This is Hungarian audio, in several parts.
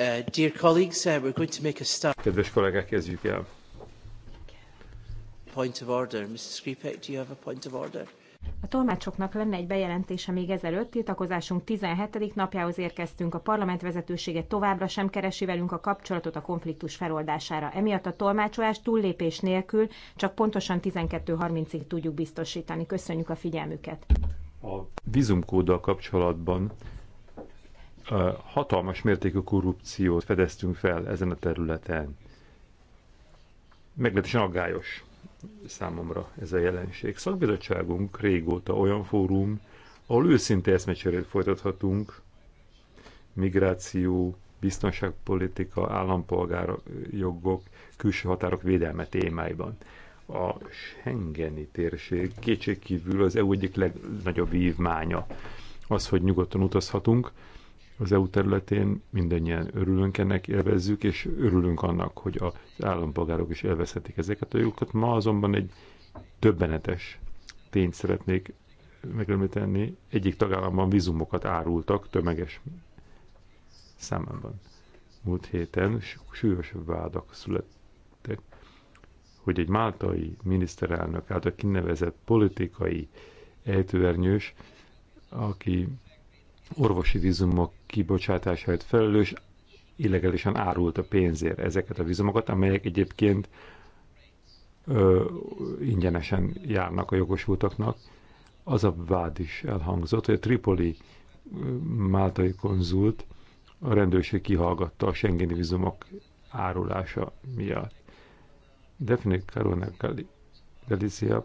Uh, dear colleagues, uh, we're going to make a start. Kedves kollégák, kezdjük el. Point of order. Mrs. Skripek, do you have a point of order? A tolmácsoknak lenne egy bejelentése még ezelőtt, tiltakozásunk 17. napjához érkeztünk, a parlament vezetősége továbbra sem keresi velünk a kapcsolatot a konfliktus feloldására. Emiatt a tolmácsolás túllépés nélkül csak pontosan 12.30-ig tudjuk biztosítani. Köszönjük a figyelmüket. A vízumkóddal kapcsolatban hatalmas mértékű korrupciót fedeztünk fel ezen a területen. Meglehetősen aggályos számomra ez a jelenség. Szakbizottságunk régóta olyan fórum, ahol őszinte eszmecserét folytathatunk, migráció, biztonságpolitika, állampolgárjogok, külső határok védelme témáiban. A Schengeni térség kétségkívül az EU egyik legnagyobb vívmánya az, hogy nyugodtan utazhatunk, az EU területén, mindannyian örülünk ennek, élvezzük, és örülünk annak, hogy az állampolgárok is élvezhetik ezeket a jogokat. Ma azonban egy többenetes tényt szeretnék megemlíteni. Egyik tagállamban vízumokat árultak tömeges számában. Múlt héten súlyos vádak születtek, hogy egy máltai miniszterelnök által kinevezett politikai ejtőernyős, aki orvosi vízumok kibocsátásáért felelős, illegálisan árult a pénzért ezeket a vízumokat, amelyek egyébként ö, ingyenesen járnak a jogosultaknak. Az a vád is elhangzott, hogy a Tripoli máltai konzult a rendőrség kihallgatta a Schengeni vízumok árulása miatt. Definitely Karol Delícia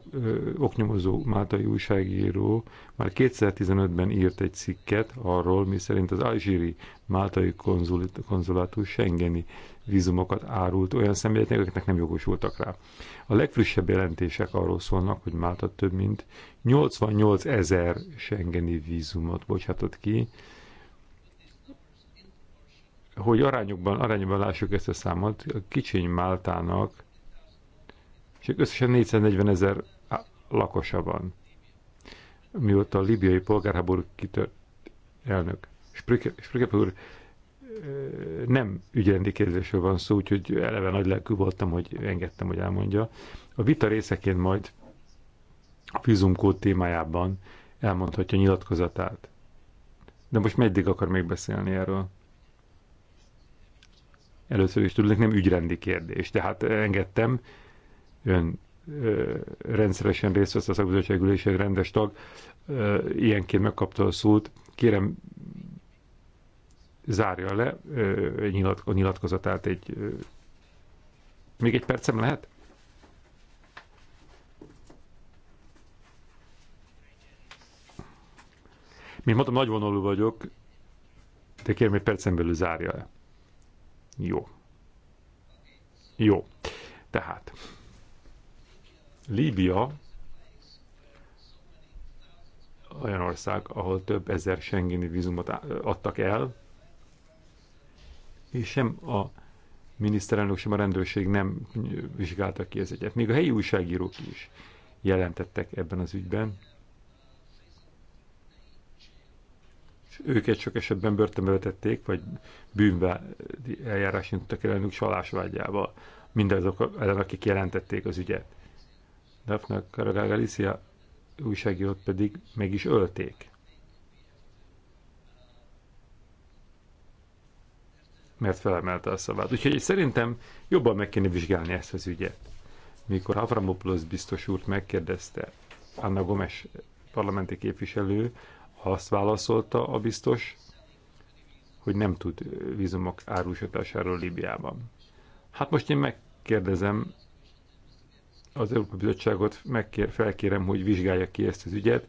oknyomozó máltai újságíró már 2015-ben írt egy cikket arról, miszerint az alzsíri máltai konzul, konzulátus Schengeni vízumokat árult olyan személyeknek, akiknek nem jogosultak rá. A legfrissebb jelentések arról szólnak, hogy Málta több mint 88 ezer Schengeni vízumot bocsátott ki, hogy arányokban, arányban lássuk ezt a számot, a kicsiny Máltának és összesen 440 ezer lakosa van, mióta a libiai polgárháború kitört elnök. Sprüke úr nem ügyrendi kérdésről van szó, úgyhogy eleve nagy lelkű voltam, hogy engedtem, hogy elmondja. A vita részeként majd a vízumkód témájában elmondhatja nyilatkozatát. De most meddig akar még beszélni erről? Először is tudnék, nem ügyrendi kérdés. Tehát engedtem, ön ö, rendszeresen részt vesz a szakbizottság rendes tag, ö, ilyenként megkapta a szót. Kérem, zárja le ö, nyilatko, nyilatkozatát egy... Ö, még egy percem lehet? Mint mondtam, nagyvonalú vagyok, de kérem, egy percen belül zárja le. Jó. Jó. Tehát. Líbia olyan ország, ahol több ezer sengéni vízumot adtak el, és sem a miniszterelnök, sem a rendőrség nem vizsgálta ki ez egyet. Még a helyi újságírók is jelentettek ebben az ügyben. És őket sok esetben börtönbe vetették, vagy bűnbe eljárás nyitottak ellenük csalásvágyával. Mindazok ellen, akik jelentették az ügyet. Daphne Caruana Galicia újságírót pedig meg is ölték. Mert felemelte a szavát. Úgyhogy szerintem jobban meg kéne vizsgálni ezt az ügyet. Mikor Avramopoulos biztos úrt megkérdezte, Anna Gomes parlamenti képviselő azt válaszolta a biztos, hogy nem tud vízumok árusításáról Líbiában. Hát most én megkérdezem, az Európai Bizottságot megkér, felkérem, hogy vizsgálja ki ezt az ügyet,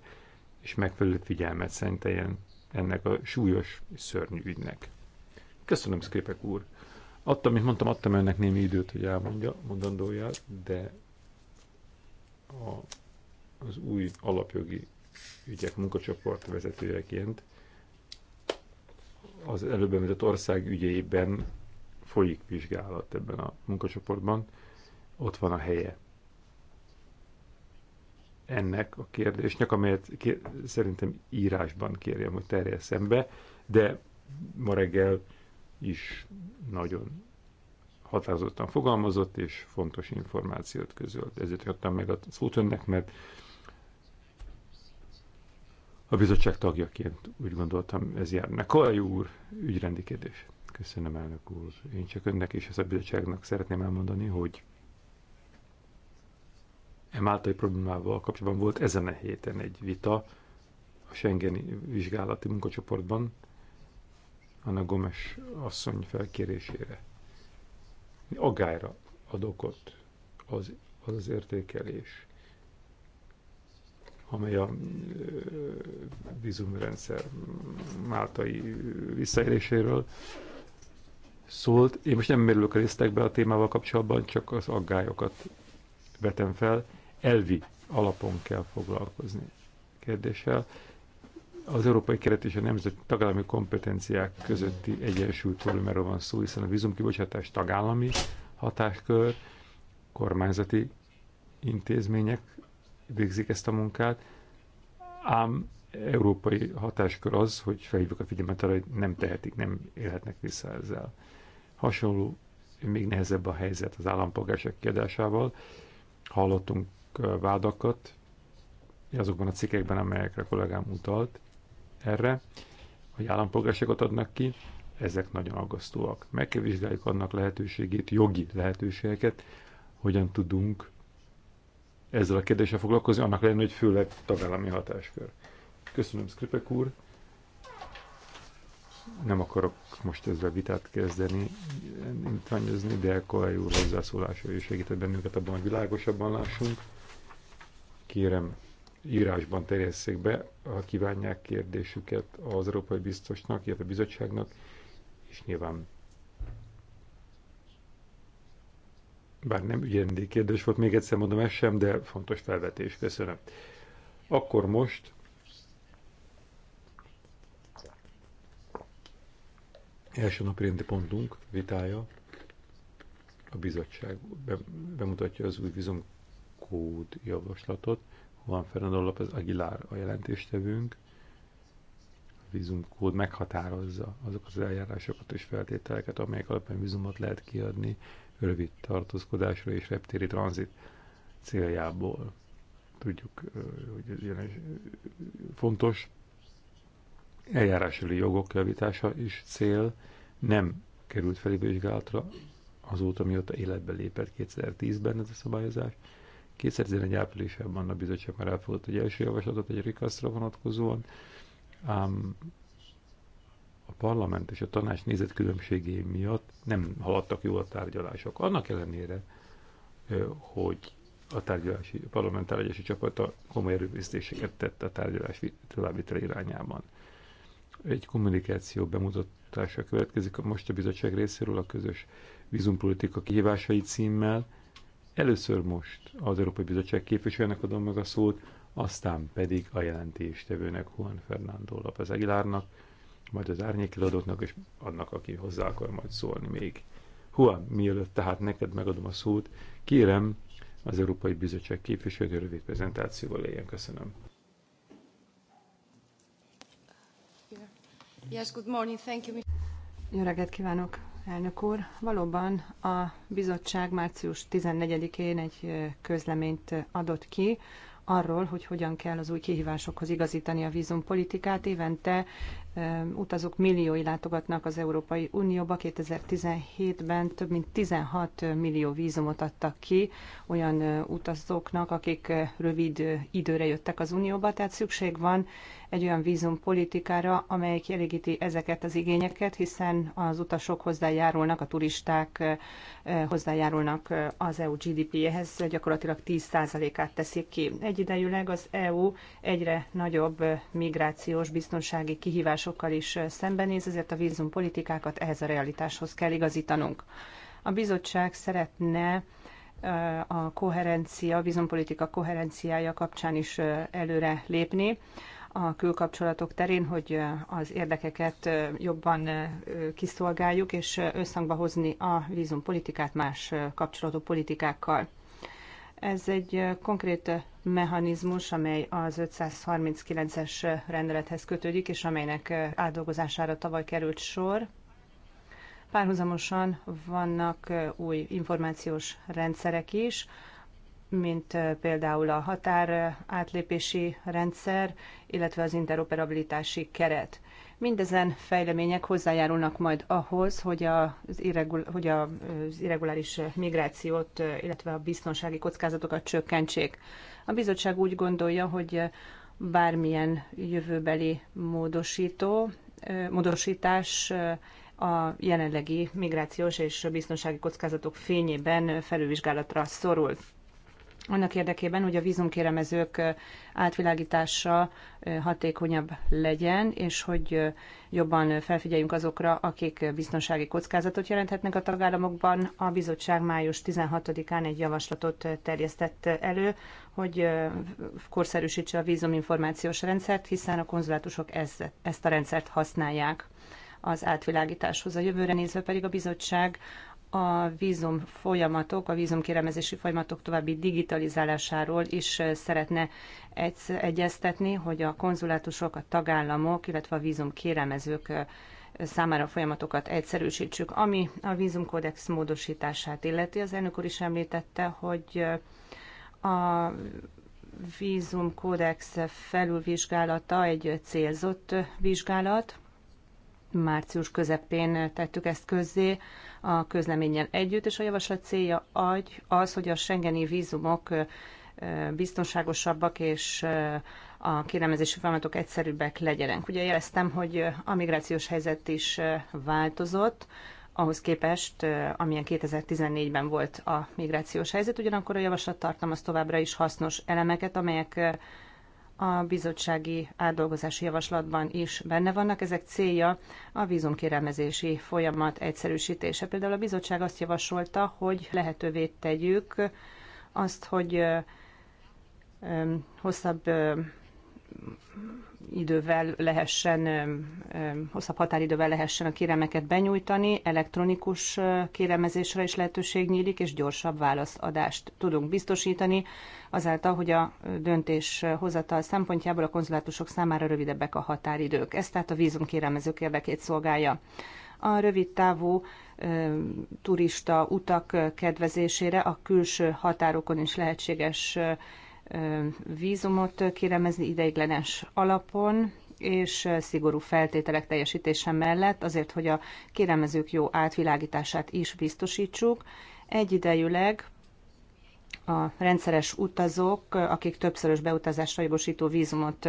és megfelelő figyelmet szenteljen ennek a súlyos szörnyű ügynek. Köszönöm, Skripek úr! Adtam, mint mondtam, adtam önnek némi időt, hogy elmondja mondandóját, de a, az új alapjogi ügyek munkacsoport vezetőjeként az előbb említett ország ügyeiben folyik vizsgálat ebben a munkacsoportban, ott van a helye ennek a kérdésnek, amelyet kér, szerintem írásban kérjem, hogy terjesszem be, de ma reggel is nagyon határozottan fogalmazott és fontos információt közölt. Ezért adtam meg a szót önnek, mert a bizottság tagjaként úgy gondoltam, ez járna. Kolaj úr, ügyrendi kérdés. Köszönöm, elnök úr. Én csak önnek és ezt a bizottságnak szeretném elmondani, hogy e máltai problémával kapcsolatban volt ezen a héten egy vita a Schengeni vizsgálati munkacsoportban, Anna Gomes asszony felkérésére. Agályra ad okot az, az az értékelés, amely a vízumrendszer máltai visszaéléséről szólt. Én most nem merülök a részletekbe a témával kapcsolatban, csak az aggályokat vetem fel, elvi alapon kell foglalkozni kérdéssel. Az európai keret és a nemzeti tagállami kompetenciák közötti egyensúlyt problémáról van szó, hiszen a vízumkibocsátás tagállami hatáskör, kormányzati intézmények végzik ezt a munkát, ám európai hatáskör az, hogy felhívjuk a figyelmet arra, hogy nem tehetik, nem élhetnek vissza ezzel. Hasonló, még nehezebb a helyzet az állampolgárság kiadásával. Hallottunk vádakat azokban a cikkekben, amelyekre a kollégám utalt erre, hogy állampolgárságot adnak ki, ezek nagyon aggasztóak. Meg kell vizsgáljuk annak lehetőségét, jogi lehetőségeket, hogyan tudunk ezzel a kérdéssel foglalkozni, annak lenne, hogy főleg tagállami hatáskör. Köszönöm, Skripek úr. Nem akarok most ezzel vitát kezdeni, intványozni, de a úr hozzászólása is segített bennünket abban, hogy világosabban lássunk kérem írásban terjesszék be, ha kívánják kérdésüket az Európai Biztosnak, illetve a bizottságnak, és nyilván bár nem ügyrendi kérdés volt, még egyszer mondom, ez sem, de fontos felvetés, köszönöm. Akkor most első napirendi pontunk vitája a bizottság bemutatja az új vizum kód javaslatot. Juan Fernando López Aguilar a jelentéstevőnk. A vízumkód meghatározza azokat az eljárásokat és feltételeket, amelyek alapján vízumot lehet kiadni rövid tartózkodásra és reptéri tranzit céljából. Tudjuk, hogy ez ilyen fontos eljárásüli jogok javítása is cél, nem került felvizsgálatra azóta, mióta életbe lépett 2010-ben ez a szabályozás, 2011 áprilisában a bizottság már elfogadott egy első javaslatot egy rikasztra vonatkozóan, ám a parlament és a tanács különbségei miatt nem haladtak jól a tárgyalások. Annak ellenére, hogy a tárgyalási, a parlament tárgyalási csapata komoly erőfeszítéseket tett a tárgyalás továbbvitele irányában. Egy kommunikáció bemutatása következik most a bizottság részéről a közös vízumpolitika kihívásai címmel, Először most az Európai Bizottság képviselőnek adom meg a szót, aztán pedig a jelentéstevőnek Juan Fernando López Aguilarnak, majd az árnyékiladóknak és annak, aki hozzá akar majd szólni még. Juan, mielőtt tehát neked megadom a szót, kérem az Európai Bizottság képviselő rövid prezentációval éljen. Köszönöm. Yes, good morning. Thank you. Jó reggelt kívánok! Elnök úr, valóban a bizottság március 14-én egy közleményt adott ki arról, hogy hogyan kell az új kihívásokhoz igazítani a vízumpolitikát. Évente utazók milliói látogatnak az Európai Unióba. 2017-ben több mint 16 millió vízumot adtak ki olyan utazóknak, akik rövid időre jöttek az Unióba, tehát szükség van egy olyan vízumpolitikára, amely kielégíti ezeket az igényeket, hiszen az utasok hozzájárulnak, a turisták hozzájárulnak az EU GDP-hez, gyakorlatilag 10%-át teszik ki. Egyidejűleg az EU egyre nagyobb migrációs biztonsági kihívás kihívásokkal is szembenéz, ezért a vízumpolitikákat ehhez a realitáshoz kell igazítanunk. A bizottság szeretne a koherencia, a vízumpolitika koherenciája kapcsán is előre lépni a külkapcsolatok terén, hogy az érdekeket jobban kiszolgáljuk, és összhangba hozni a vízumpolitikát más kapcsolatú politikákkal. Ez egy konkrét mechanizmus, amely az 539-es rendelethez kötődik, és amelynek átdolgozására tavaly került sor. Párhuzamosan vannak új információs rendszerek is, mint például a határ átlépési rendszer, illetve az interoperabilitási keret. Mindezen fejlemények hozzájárulnak majd ahhoz, hogy az, irregul- hogy az irreguláris migrációt, illetve a biztonsági kockázatokat csökkentsék. A bizottság úgy gondolja, hogy bármilyen jövőbeli módosító, módosítás a jelenlegi migrációs és biztonsági kockázatok fényében felülvizsgálatra szorul annak érdekében, hogy a vízumkéremezők átvilágítása hatékonyabb legyen, és hogy jobban felfigyeljünk azokra, akik biztonsági kockázatot jelenthetnek a tagállamokban. A bizottság május 16-án egy javaslatot terjesztett elő, hogy korszerűsítse a vízuminformációs rendszert, hiszen a konzulátusok ezt, ezt a rendszert használják az átvilágításhoz. A jövőre nézve pedig a bizottság a vízum folyamatok, a vízumkérelmezési folyamatok további digitalizálásáról is szeretne egy, egyeztetni, hogy a konzulátusok, a tagállamok, illetve a vízumkérelmezők számára a folyamatokat egyszerűsítsük. Ami a vízumkódex módosítását illeti, az elnök úr is említette, hogy a vízumkódex felülvizsgálata egy célzott vizsgálat, március közepén tettük ezt közzé a közleményen együtt, és a javaslat célja az, hogy a Schengeni vízumok biztonságosabbak és a kérelmezési folyamatok egyszerűbbek legyenek. Ugye jeleztem, hogy a migrációs helyzet is változott, ahhoz képest, amilyen 2014-ben volt a migrációs helyzet, ugyanakkor a javaslat tartalmaz továbbra is hasznos elemeket, amelyek a bizottsági átdolgozási javaslatban is benne vannak. Ezek célja a vízumkérelmezési folyamat egyszerűsítése. Például a bizottság azt javasolta, hogy lehetővé tegyük azt, hogy hosszabb idővel lehessen, hosszabb határidővel lehessen a kéremeket benyújtani, elektronikus kéremezésre is lehetőség nyílik, és gyorsabb válaszadást tudunk biztosítani, azáltal, hogy a döntéshozatal szempontjából a konzulátusok számára rövidebbek a határidők. Ez tehát a kéremezők érdekét szolgálja. A rövid távú turista utak kedvezésére a külső határokon is lehetséges vízumot kéremezni ideiglenes alapon, és szigorú feltételek teljesítése mellett, azért, hogy a kéremezők jó átvilágítását is biztosítsuk. Egyidejűleg a rendszeres utazók, akik többszörös beutazásra jogosító vízumot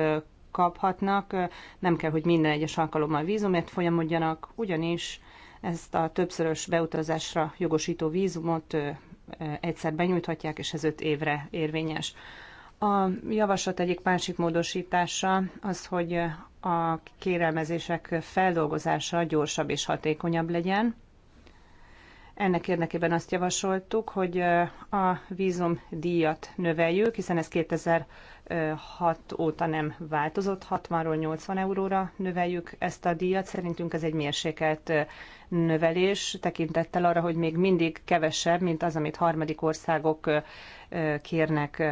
kaphatnak, nem kell, hogy minden egyes alkalommal vízumért folyamodjanak, ugyanis ezt a többszörös beutazásra jogosító vízumot egyszer benyújthatják, és ez öt évre érvényes. A javaslat egyik másik módosítása az, hogy a kérelmezések feldolgozása gyorsabb és hatékonyabb legyen. Ennek érdekében azt javasoltuk, hogy a vízum díjat növeljük, hiszen ez 2006 óta nem változott, 60-ról 80 euróra növeljük ezt a díjat. Szerintünk ez egy mérsékelt növelés, tekintettel arra, hogy még mindig kevesebb, mint az, amit harmadik országok kérnek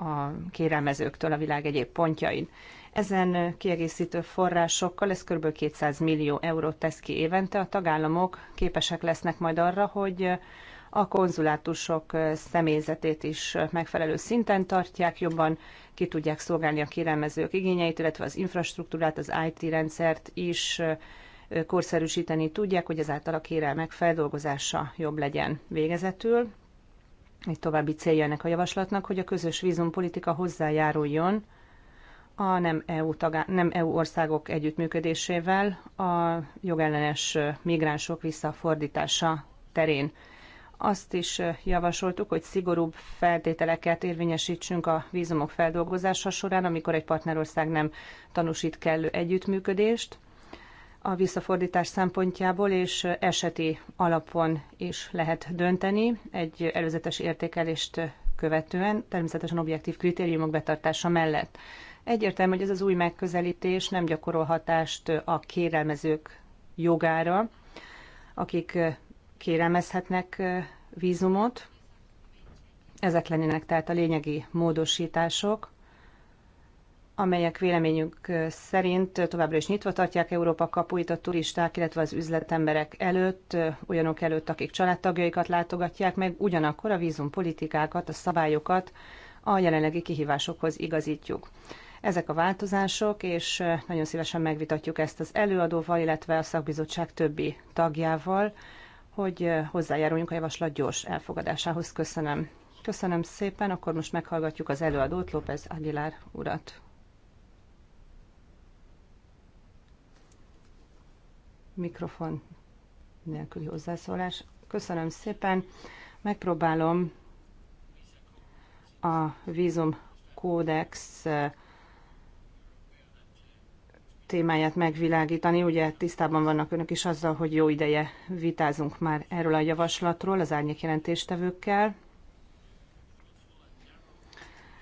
a kérelmezőktől a világ egyéb pontjain. Ezen kiegészítő forrásokkal ez kb. 200 millió eurót tesz ki évente. A tagállamok képesek lesznek majd arra, hogy a konzulátusok személyzetét is megfelelő szinten tartják, jobban ki tudják szolgálni a kérelmezők igényeit, illetve az infrastruktúrát, az IT rendszert is korszerűsíteni tudják, hogy ezáltal a kérelmek feldolgozása jobb legyen végezetül egy további célja ennek a javaslatnak, hogy a közös vízumpolitika hozzájáruljon a nem EU, tagá- nem EU országok együttműködésével a jogellenes migránsok visszafordítása terén. Azt is javasoltuk, hogy szigorúbb feltételeket érvényesítsünk a vízumok feldolgozása során, amikor egy partnerország nem tanúsít kellő együttműködést, a visszafordítás szempontjából és eseti alapon is lehet dönteni egy előzetes értékelést követően, természetesen objektív kritériumok betartása mellett. Egyértelmű, hogy ez az új megközelítés nem gyakorol hatást a kérelmezők jogára, akik kérelmezhetnek vízumot. Ezek lennének tehát a lényegi módosítások amelyek véleményünk szerint továbbra is nyitva tartják Európa kapuit a turisták, illetve az üzletemberek előtt, olyanok előtt, akik családtagjaikat látogatják meg, ugyanakkor a vízumpolitikákat, a szabályokat a jelenlegi kihívásokhoz igazítjuk. Ezek a változások, és nagyon szívesen megvitatjuk ezt az előadóval, illetve a szakbizottság többi tagjával, hogy hozzájáruljunk a javaslat gyors elfogadásához. Köszönöm. Köszönöm szépen, akkor most meghallgatjuk az előadót, López Aguilar urat. mikrofon nélküli hozzászólás. Köszönöm szépen. Megpróbálom a vízum kódex témáját megvilágítani. Ugye tisztában vannak önök is azzal, hogy jó ideje vitázunk már erről a javaslatról az árnyék jelentéstevőkkel.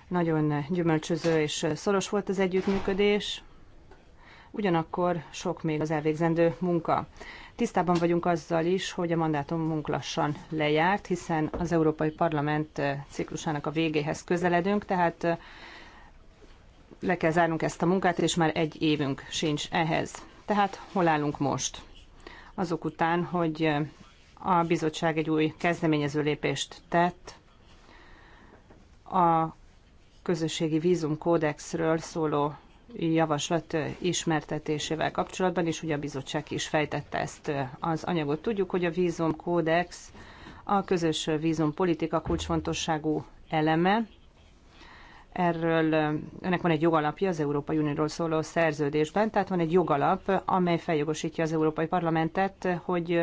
Nagyon gyümölcsöző és szoros volt az együttműködés ugyanakkor sok még az elvégzendő munka. Tisztában vagyunk azzal is, hogy a mandátumunk lassan lejárt, hiszen az Európai Parlament eh, ciklusának a végéhez közeledünk, tehát eh, le kell zárnunk ezt a munkát, és már egy évünk sincs ehhez. Tehát hol állunk most? Azok után, hogy eh, a bizottság egy új kezdeményező lépést tett, a közösségi vízumkódexről szóló javaslat ismertetésével kapcsolatban, és ugye a bizottság is fejtette ezt az anyagot. Tudjuk, hogy a vízumkódex a közös vízumpolitika kulcsfontosságú eleme. Erről ennek van egy jogalapja az Európai Unióról szóló szerződésben, tehát van egy jogalap, amely feljogosítja az Európai Parlamentet, hogy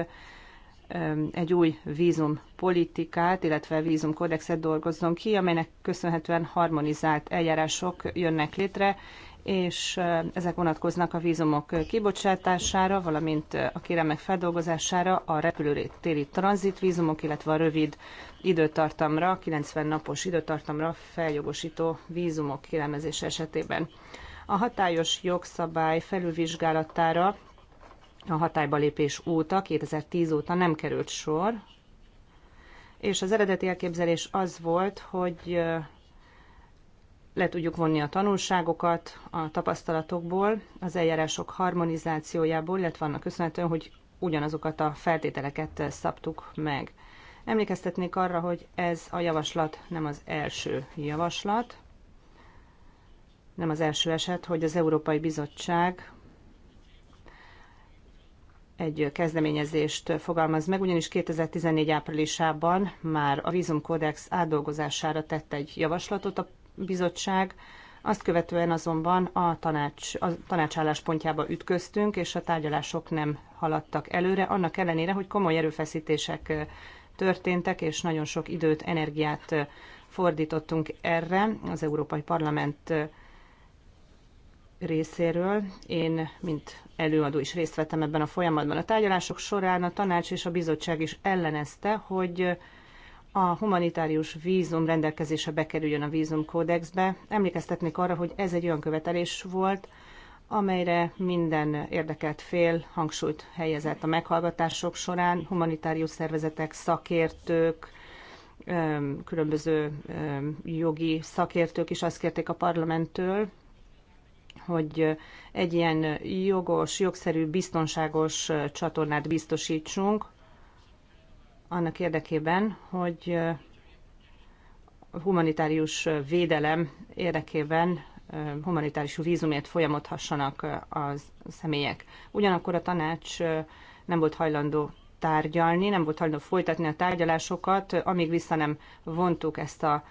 egy új vízumpolitikát, illetve vízumkódexet dolgozzon ki, amelynek köszönhetően harmonizált eljárások jönnek létre, és ezek vonatkoznak a vízumok kibocsátására, valamint a kéremek feldolgozására, a repülőtéri tranzitvízumok, illetve a rövid időtartamra, 90 napos időtartamra feljogosító vízumok kérelmezés esetében. A hatályos jogszabály felülvizsgálatára a hatályba lépés óta, 2010 óta nem került sor, és az eredeti elképzelés az volt, hogy le tudjuk vonni a tanulságokat a tapasztalatokból, az eljárások harmonizációjából, illetve annak köszönhetően, hogy ugyanazokat a feltételeket szabtuk meg. Emlékeztetnék arra, hogy ez a javaslat nem az első javaslat, nem az első eset, hogy az Európai Bizottság egy kezdeményezést fogalmaz meg, ugyanis 2014 áprilisában már a vízumkódex átdolgozására tett egy javaslatot. A bizottság. Azt követően azonban a, tanács, a tanács álláspontjába ütköztünk, és a tárgyalások nem haladtak előre, annak ellenére, hogy komoly erőfeszítések történtek, és nagyon sok időt, energiát fordítottunk erre az Európai Parlament részéről. Én, mint előadó is részt vettem ebben a folyamatban. A tárgyalások során a tanács és a bizottság is ellenezte, hogy a humanitárius vízum rendelkezése bekerüljön a vízumkódexbe. Emlékeztetnék arra, hogy ez egy olyan követelés volt, amelyre minden érdekelt fél hangsúlyt helyezett a meghallgatások során, humanitárius szervezetek, szakértők, különböző jogi szakértők is azt kérték a parlamenttől, hogy egy ilyen jogos, jogszerű, biztonságos csatornát biztosítsunk annak érdekében, hogy humanitárius védelem érdekében humanitárius vízumért folyamodhassanak a személyek. Ugyanakkor a tanács nem volt hajlandó tárgyalni, nem volt hajlandó folytatni a tárgyalásokat, amíg vissza nem vontuk ezt a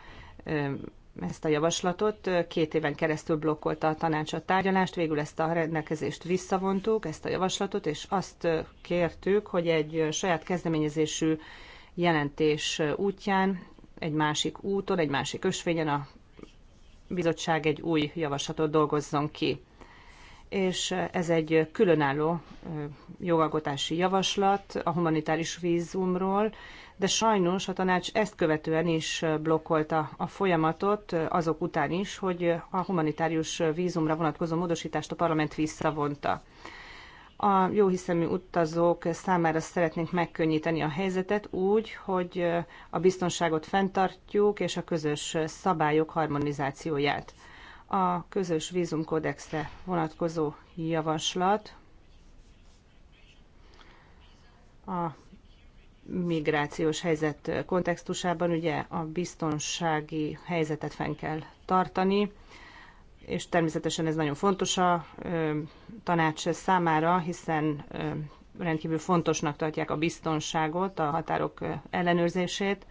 ezt a javaslatot. Két éven keresztül blokkolta a tanács a tárgyalást, végül ezt a rendelkezést visszavontuk, ezt a javaslatot, és azt kértük, hogy egy saját kezdeményezésű jelentés útján, egy másik úton, egy másik ösvényen a bizottság egy új javaslatot dolgozzon ki és ez egy különálló jogalkotási javaslat a humanitáris vízumról, de sajnos a tanács ezt követően is blokkolta a folyamatot, azok után is, hogy a humanitárius vízumra vonatkozó módosítást a parlament visszavonta. A jóhiszemű utazók számára szeretnénk megkönnyíteni a helyzetet úgy, hogy a biztonságot fenntartjuk, és a közös szabályok harmonizációját a közös vízumkódexre vonatkozó javaslat a migrációs helyzet kontextusában ugye a biztonsági helyzetet fenn kell tartani, és természetesen ez nagyon fontos a tanács számára, hiszen rendkívül fontosnak tartják a biztonságot, a határok ellenőrzését,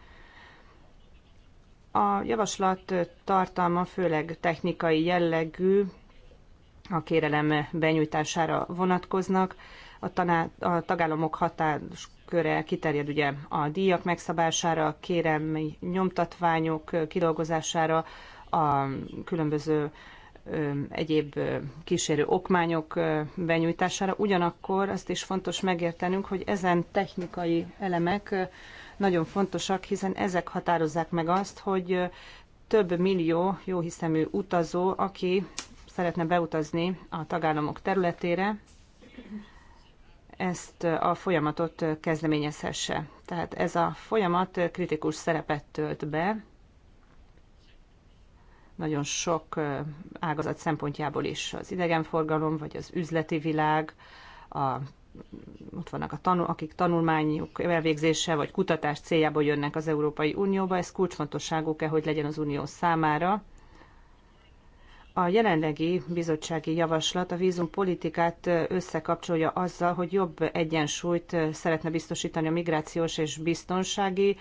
a javaslat tartalma főleg technikai jellegű, a kérelem benyújtására vonatkoznak. A, taná, a tagállamok hatásköre kiterjed ugye a díjak megszabására, a kérelmi nyomtatványok kidolgozására, a különböző egyéb kísérő okmányok benyújtására. Ugyanakkor azt is fontos megértenünk, hogy ezen technikai elemek nagyon fontosak, hiszen ezek határozzák meg azt, hogy több millió jóhiszemű utazó, aki szeretne beutazni a tagállamok területére, ezt a folyamatot kezdeményezhesse. Tehát ez a folyamat kritikus szerepet tölt be, nagyon sok ágazat szempontjából is, az idegenforgalom, vagy az üzleti világ, a, ott vannak, a tanul, akik tanulmányuk elvégzése vagy kutatás céljából jönnek az Európai Unióba, ez kulcsfontosságú-e, hogy legyen az Unió számára. A jelenlegi bizottsági javaslat a vízumpolitikát összekapcsolja azzal, hogy jobb egyensúlyt szeretne biztosítani a migrációs és biztonsági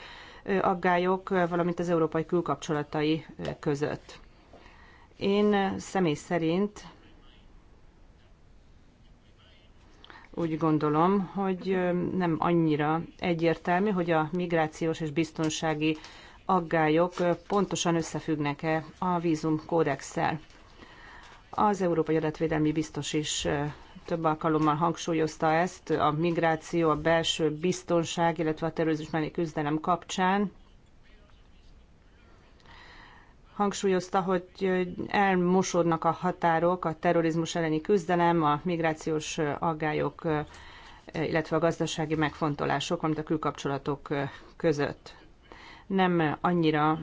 aggályok, valamint az európai külkapcsolatai között. Én személy szerint úgy gondolom, hogy nem annyira egyértelmű, hogy a migrációs és biztonsági aggályok pontosan összefüggnek-e a vízum Az Európai Adatvédelmi Biztos is több alkalommal hangsúlyozta ezt a migráció, a belső biztonság, illetve a terrorizmus mellék küzdelem kapcsán. Hangsúlyozta, hogy elmosodnak a határok, a terrorizmus elleni küzdelem, a migrációs aggályok, illetve a gazdasági megfontolások, valamint a külkapcsolatok között. Nem annyira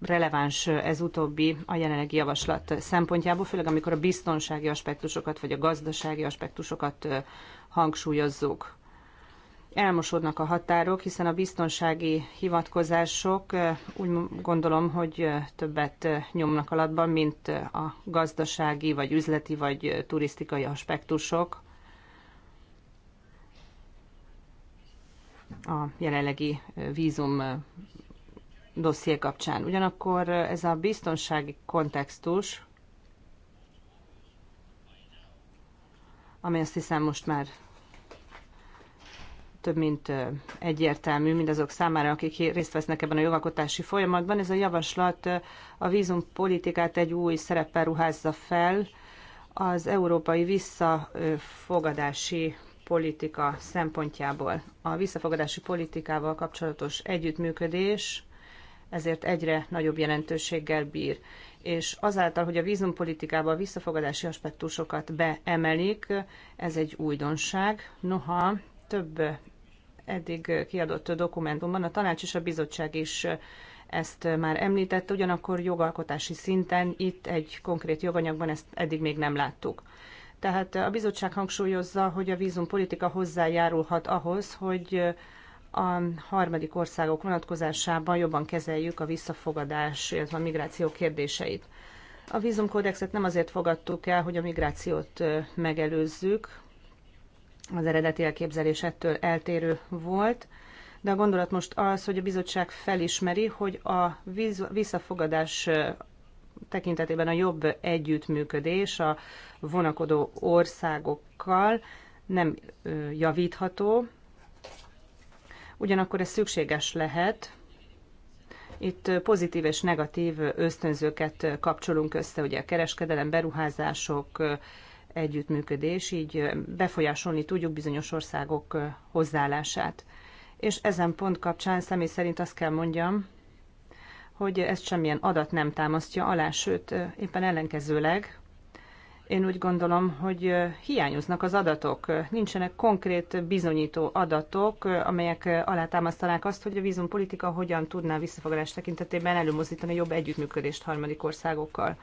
releváns ez utóbbi a jelenlegi javaslat szempontjából, főleg amikor a biztonsági aspektusokat vagy a gazdasági aspektusokat hangsúlyozzuk. Elmosódnak a határok, hiszen a biztonsági hivatkozások úgy gondolom, hogy többet nyomnak alatban, mint a gazdasági, vagy üzleti, vagy turisztikai aspektusok a jelenlegi vízum dosszié kapcsán. Ugyanakkor ez a biztonsági kontextus, ami azt hiszem most már több mint egyértelmű mindazok számára, akik részt vesznek ebben a jogalkotási folyamatban. Ez a javaslat a vízumpolitikát egy új szereppel ruházza fel az európai visszafogadási politika szempontjából. A visszafogadási politikával kapcsolatos együttműködés ezért egyre nagyobb jelentőséggel bír. És azáltal, hogy a vízumpolitikába a visszafogadási aspektusokat beemelik, ez egy újdonság. Noha több eddig kiadott dokumentumban a tanács és a bizottság is ezt már említett, ugyanakkor jogalkotási szinten itt egy konkrét joganyagban ezt eddig még nem láttuk. Tehát a bizottság hangsúlyozza, hogy a vízumpolitika hozzájárulhat ahhoz, hogy a harmadik országok vonatkozásában jobban kezeljük a visszafogadás, illetve a migráció kérdéseit. A vízumkódexet nem azért fogadtuk el, hogy a migrációt megelőzzük, az eredeti elképzelés ettől eltérő volt, de a gondolat most az, hogy a bizottság felismeri, hogy a visszafogadás tekintetében a jobb együttműködés a vonakodó országokkal nem javítható, Ugyanakkor ez szükséges lehet, itt pozitív és negatív ösztönzőket kapcsolunk össze, ugye a kereskedelem, beruházások, együttműködés, így befolyásolni tudjuk bizonyos országok hozzáállását. És ezen pont kapcsán személy szerint azt kell mondjam, hogy ezt semmilyen adat nem támasztja alá, sőt, éppen ellenkezőleg én úgy gondolom, hogy hiányoznak az adatok. Nincsenek konkrét bizonyító adatok, amelyek alátámasztanák azt, hogy a vízumpolitika hogyan tudná visszafogadás tekintetében előmozdítani jobb együttműködést harmadik országokkal.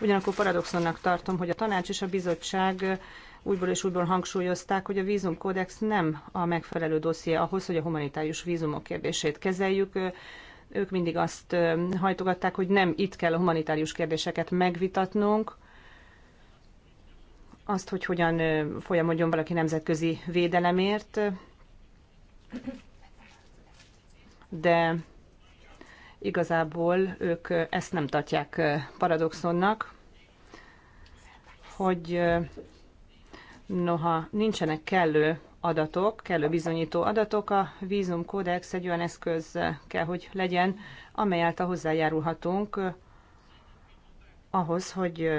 Ugyanakkor paradoxonnak tartom, hogy a tanács és a bizottság újból és újból hangsúlyozták, hogy a vízumkódex nem a megfelelő dosszié ahhoz, hogy a humanitárius vízumok kérdését kezeljük. Ők mindig azt hajtogatták, hogy nem itt kell a humanitárius kérdéseket megvitatnunk, azt, hogy hogyan folyamodjon valaki nemzetközi védelemért, de igazából ők ezt nem tartják paradoxonnak, hogy noha nincsenek kellő adatok, kellő bizonyító adatok, a vízumkódex egy olyan eszköz kell, hogy legyen, amely által hozzájárulhatunk ahhoz, hogy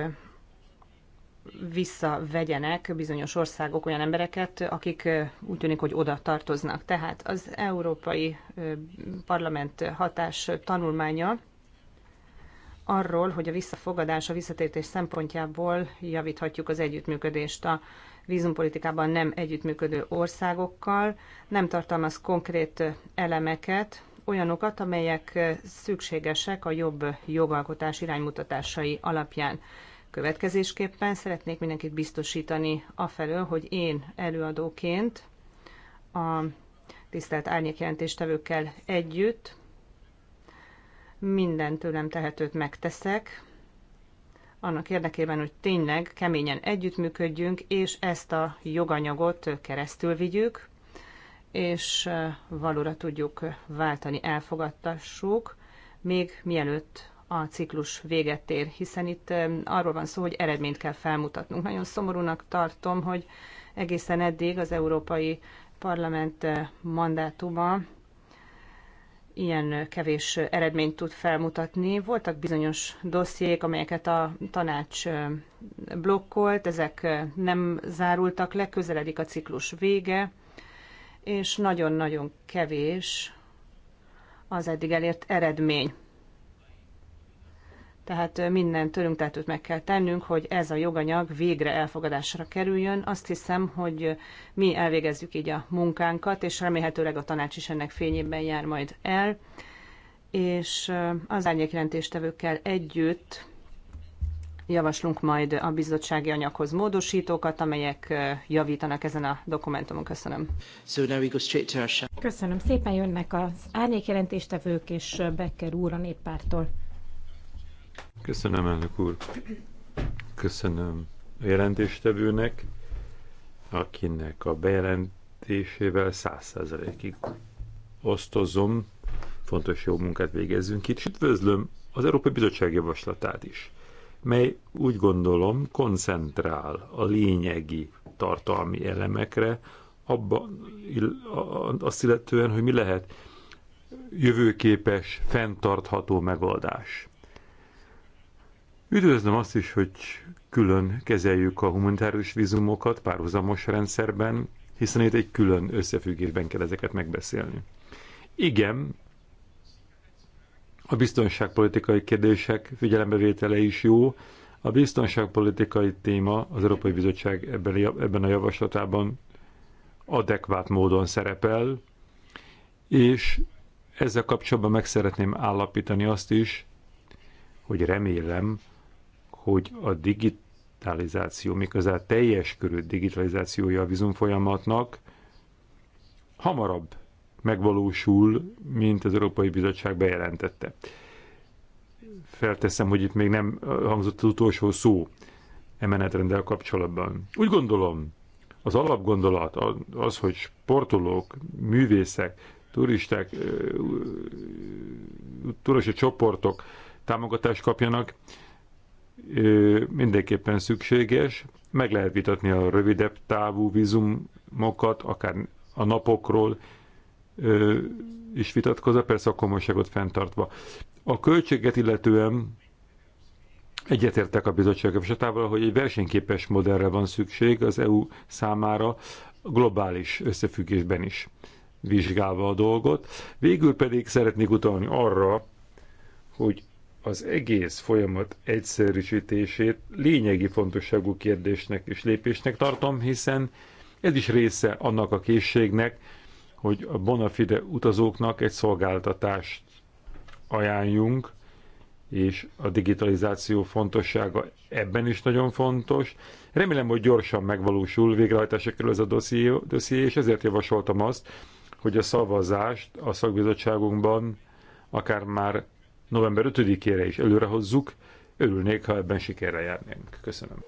visszavegyenek bizonyos országok olyan embereket, akik úgy tűnik, hogy oda tartoznak. Tehát az Európai Parlament hatás tanulmánya arról, hogy a visszafogadás, a visszatértés szempontjából javíthatjuk az együttműködést a vízumpolitikában nem együttműködő országokkal, nem tartalmaz konkrét elemeket, olyanokat, amelyek szükségesek a jobb jogalkotás iránymutatásai alapján. Következésképpen szeretnék mindenkit biztosítani afelől, hogy én előadóként a tisztelt árnyékjelentéstevőkkel együtt minden tőlem tehetőt megteszek, annak érdekében, hogy tényleg keményen együttműködjünk, és ezt a joganyagot keresztül vigyük, és valóra tudjuk váltani, elfogadtassuk, még mielőtt a ciklus véget ér, hiszen itt arról van szó, hogy eredményt kell felmutatnunk. Nagyon szomorúnak tartom, hogy egészen eddig az Európai Parlament eh, mandátuma ilyen kevés eredményt tud felmutatni. Voltak bizonyos dossziék, amelyeket a tanács eh, blokkolt, ezek eh, nem zárultak le, közeledik a ciklus vége, és nagyon-nagyon kevés az eddig elért eredmény. Tehát minden tőlünk tehetőt meg kell tennünk, hogy ez a joganyag végre elfogadásra kerüljön. Azt hiszem, hogy mi elvégezzük így a munkánkat, és remélhetőleg a tanács is ennek fényében jár majd el. És az árnyékjelentéstevőkkel együtt javaslunk majd a bizottsági anyaghoz módosítókat, amelyek javítanak ezen a dokumentumon. Köszönöm. So now we go straight to our... Köszönöm szépen, jönnek az árnyékjelentéstevők és Becker úr a néppártól. Köszönöm, elnök úr. Köszönöm a jelentéstevőnek, akinek a bejelentésével száz százalékig osztozom. Fontos jó munkát végezzünk itt. Üdvözlöm az Európai Bizottság javaslatát is, mely úgy gondolom koncentrál a lényegi tartalmi elemekre, abban, azt illetően, hogy mi lehet jövőképes, fenntartható megoldás. Üdvözlöm azt is, hogy külön kezeljük a humanitárius vízumokat párhuzamos rendszerben, hiszen itt egy külön összefüggésben kell ezeket megbeszélni. Igen, a biztonságpolitikai kérdések figyelembevétele is jó. A biztonságpolitikai téma az Európai Bizottság ebben a javaslatában adekvát módon szerepel, és ezzel kapcsolatban meg szeretném állapítani azt is, hogy remélem, hogy a digitalizáció, miközben teljes körű digitalizációja a vízumfolyamatnak hamarabb megvalósul, mint az Európai Bizottság bejelentette. Felteszem, hogy itt még nem hangzott az utolsó szó emenetrenddel kapcsolatban. Úgy gondolom, az alapgondolat az, hogy sportolók, művészek, turisták, turista csoportok támogatást kapjanak, mindenképpen szükséges. Meg lehet vitatni a rövidebb távú vízumokat, akár a napokról is vitatkozva, persze a komolyságot fenntartva. A költséget illetően egyetértek a bizottság javaslatával, hogy egy versenyképes modellre van szükség az EU számára globális összefüggésben is vizsgálva a dolgot. Végül pedig szeretnék utalni arra, hogy az egész folyamat egyszerűsítését lényegi fontosságú kérdésnek és lépésnek tartom, hiszen ez is része annak a készségnek, hogy a bonafide utazóknak egy szolgáltatást ajánljunk, és a digitalizáció fontossága ebben is nagyon fontos. Remélem, hogy gyorsan megvalósul végrehajtásra kerül ez a dosszié, dosszié, és ezért javasoltam azt, hogy a szavazást a szakbizottságunkban akár már november 5-ére is előrehozzuk. Örülnék, ha ebben sikerrel járnénk. Köszönöm.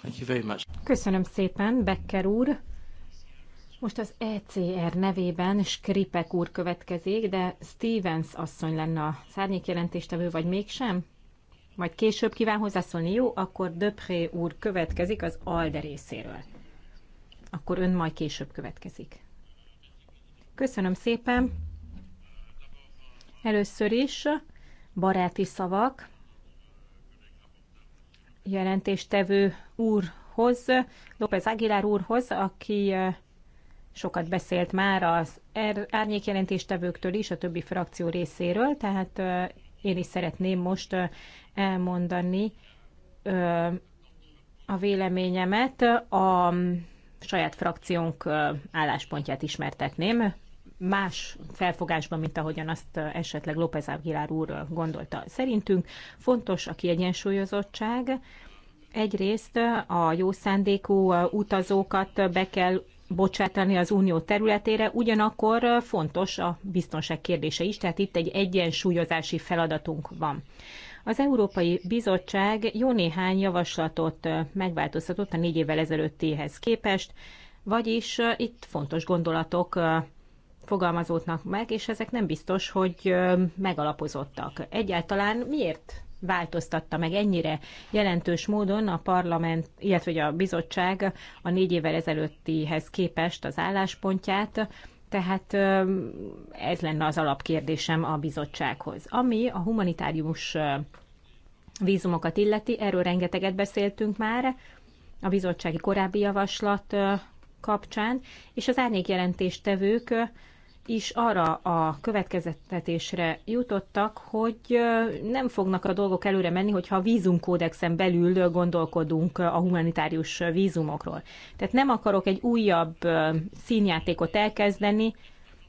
Thank you very much. Köszönöm szépen, Becker úr. Most az ECR nevében Skripek úr következik, de Stevens asszony lenne a szárnyékjelentéstevő, vagy mégsem? Majd később kíván hozzászólni, jó? Akkor Döpré úr következik az ALDE részéről. Akkor ön majd később következik. Köszönöm szépen! Először is baráti szavak jelentéstevő úrhoz, López Aguilar úrhoz, aki sokat beszélt már az er-, árnyékjelentéstevőktől is, a többi frakció részéről, tehát én is szeretném most elmondani a véleményemet, a saját frakciónk álláspontját ismertetném más felfogásban, mint ahogyan azt esetleg López Aguilar úr gondolta. Szerintünk fontos a kiegyensúlyozottság. Egyrészt a jó szándékú utazókat be kell bocsátani az unió területére, ugyanakkor fontos a biztonság kérdése is, tehát itt egy egyensúlyozási feladatunk van. Az Európai Bizottság jó néhány javaslatot megváltoztatott a négy évvel ezelőttéhez képest, vagyis itt fontos gondolatok fogalmazódnak meg, és ezek nem biztos, hogy megalapozottak. Egyáltalán miért változtatta meg ennyire jelentős módon a parlament, illetve a bizottság a négy évvel ezelőttihez képest az álláspontját, tehát ez lenne az alapkérdésem a bizottsághoz. Ami a humanitárius vízumokat illeti, erről rengeteget beszéltünk már a bizottsági korábbi javaslat kapcsán, és az tevők is arra a következetetésre jutottak, hogy nem fognak a dolgok előre menni, hogyha a vízumkódexen belül gondolkodunk a humanitárius vízumokról. Tehát nem akarok egy újabb színjátékot elkezdeni,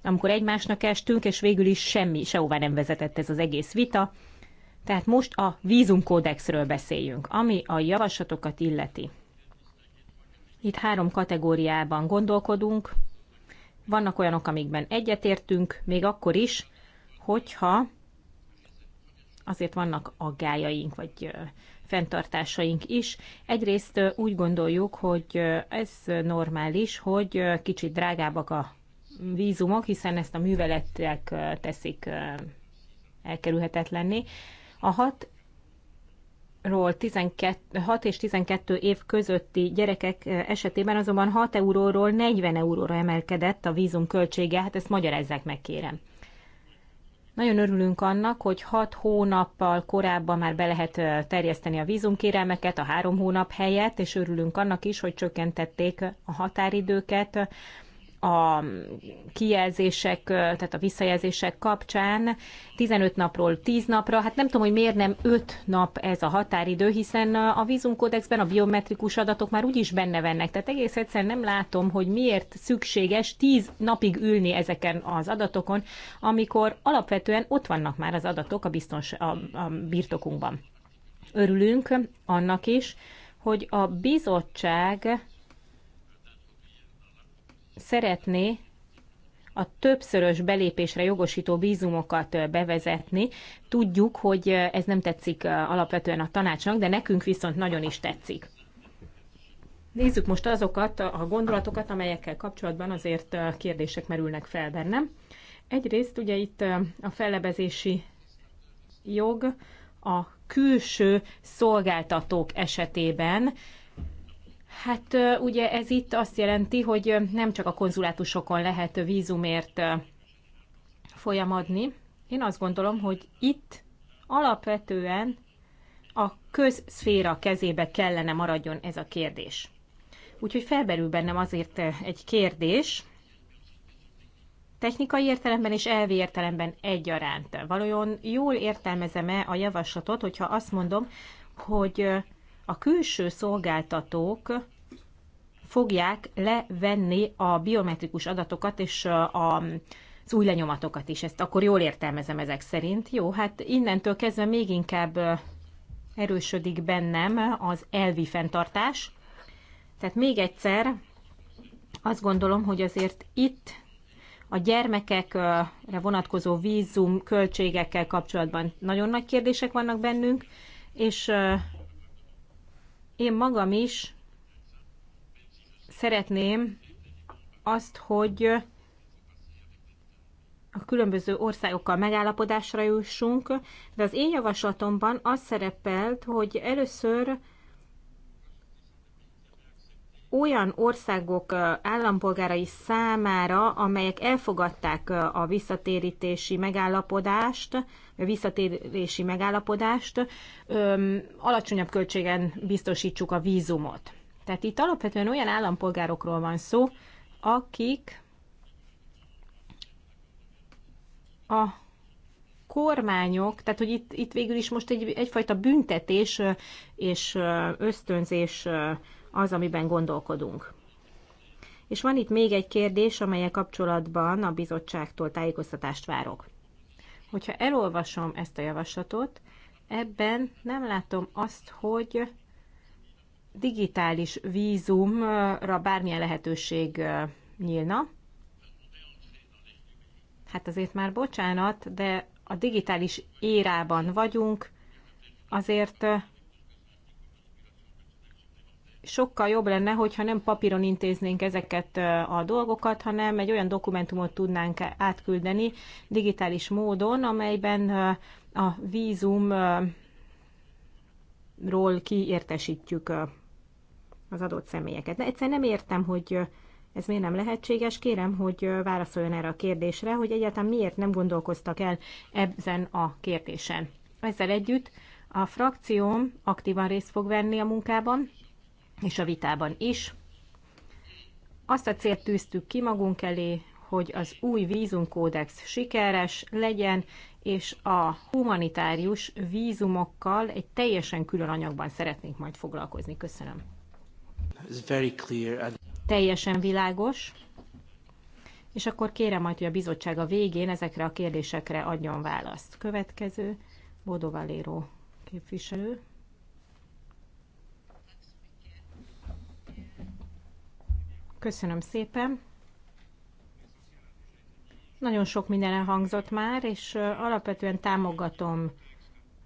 amikor egymásnak estünk, és végül is semmi, sehová nem vezetett ez az egész vita. Tehát most a vízumkódexről beszéljünk, ami a javaslatokat illeti. Itt három kategóriában gondolkodunk, vannak olyanok, amikben egyetértünk, még akkor is, hogyha azért vannak aggájaink, vagy fenntartásaink is. Egyrészt úgy gondoljuk, hogy ez normális, hogy kicsit drágábbak a vízumok, hiszen ezt a műveletek teszik elkerülhetetlenné. A hat ról 12, 6 és 12 év közötti gyerekek eh, esetében azonban 6 euróról 40 euróra emelkedett a vízum költsége, hát ezt magyarázzák meg kérem. Nagyon örülünk annak, hogy 6 hónappal korábban már be lehet eh, terjeszteni a vízumkérelmeket a 3 hónap helyett, és örülünk annak is, hogy csökkentették a határidőket a kijelzések, tehát a visszajelzések kapcsán 15 napról 10 napra, hát nem tudom, hogy miért nem 5 nap ez a határidő, hiszen a vízumkódexben a biometrikus adatok már úgyis benne vannak, tehát egész egyszerűen nem látom, hogy miért szükséges 10 napig ülni ezeken az adatokon, amikor alapvetően ott vannak már az adatok a, biztons, a, a birtokunkban. Örülünk annak is, hogy a bizottság szeretné a többszörös belépésre jogosító vízumokat bevezetni. Tudjuk, hogy ez nem tetszik alapvetően a tanácsnak, de nekünk viszont nagyon is tetszik. Nézzük most azokat a gondolatokat, amelyekkel kapcsolatban azért kérdések merülnek fel bennem. Egyrészt ugye itt a fellebezési jog a külső szolgáltatók esetében Hát ugye ez itt azt jelenti, hogy nem csak a konzulátusokon lehet vízumért folyamadni. Én azt gondolom, hogy itt alapvetően a közszféra kezébe kellene maradjon ez a kérdés. Úgyhogy felberül bennem azért egy kérdés, technikai értelemben és elvi értelemben egyaránt. Valójában jól értelmezem-e a javaslatot, hogyha azt mondom, hogy a külső szolgáltatók fogják levenni a biometrikus adatokat és a az új lenyomatokat is. Ezt akkor jól értelmezem ezek szerint. Jó, hát innentől kezdve még inkább erősödik bennem az elvi fenntartás. Tehát még egyszer azt gondolom, hogy azért itt a gyermekekre vonatkozó vízum költségekkel kapcsolatban nagyon nagy kérdések vannak bennünk, és én magam is szeretném azt, hogy a különböző országokkal megállapodásra jussunk, de az én javaslatomban az szerepelt, hogy először olyan országok állampolgárai számára, amelyek elfogadták a visszatérítési megállapodást, a visszatérési megállapodást, alacsonyabb költségen biztosítsuk a vízumot. Tehát itt alapvetően olyan állampolgárokról van szó, akik a kormányok, tehát hogy itt, itt végül is most egy, egyfajta büntetés és ösztönzés az, amiben gondolkodunk. És van itt még egy kérdés, amelyek kapcsolatban a bizottságtól tájékoztatást várok. Hogyha elolvasom ezt a javaslatot, ebben nem látom azt, hogy digitális vízumra bármilyen lehetőség nyílna. Hát azért már bocsánat, de a digitális érában vagyunk, azért sokkal jobb lenne, hogyha nem papíron intéznénk ezeket a dolgokat, hanem egy olyan dokumentumot tudnánk átküldeni digitális módon, amelyben a vízumról kiértesítjük az adott személyeket. De egyszerűen nem értem, hogy ez miért nem lehetséges. Kérem, hogy válaszoljon erre a kérdésre, hogy egyáltalán miért nem gondolkoztak el ezen a kérdésen. Ezzel együtt a frakcióm aktívan részt fog venni a munkában, és a vitában is. Azt a célt tűztük ki magunk elé, hogy az új vízumkódex sikeres legyen, és a humanitárius vízumokkal egy teljesen külön anyagban szeretnénk majd foglalkozni. Köszönöm. Teljesen világos. És akkor kérem majd, hogy a bizottság a végén ezekre a kérdésekre adjon választ. Következő, Bodo Valero képviselő. Köszönöm szépen. Nagyon sok minden elhangzott már, és alapvetően támogatom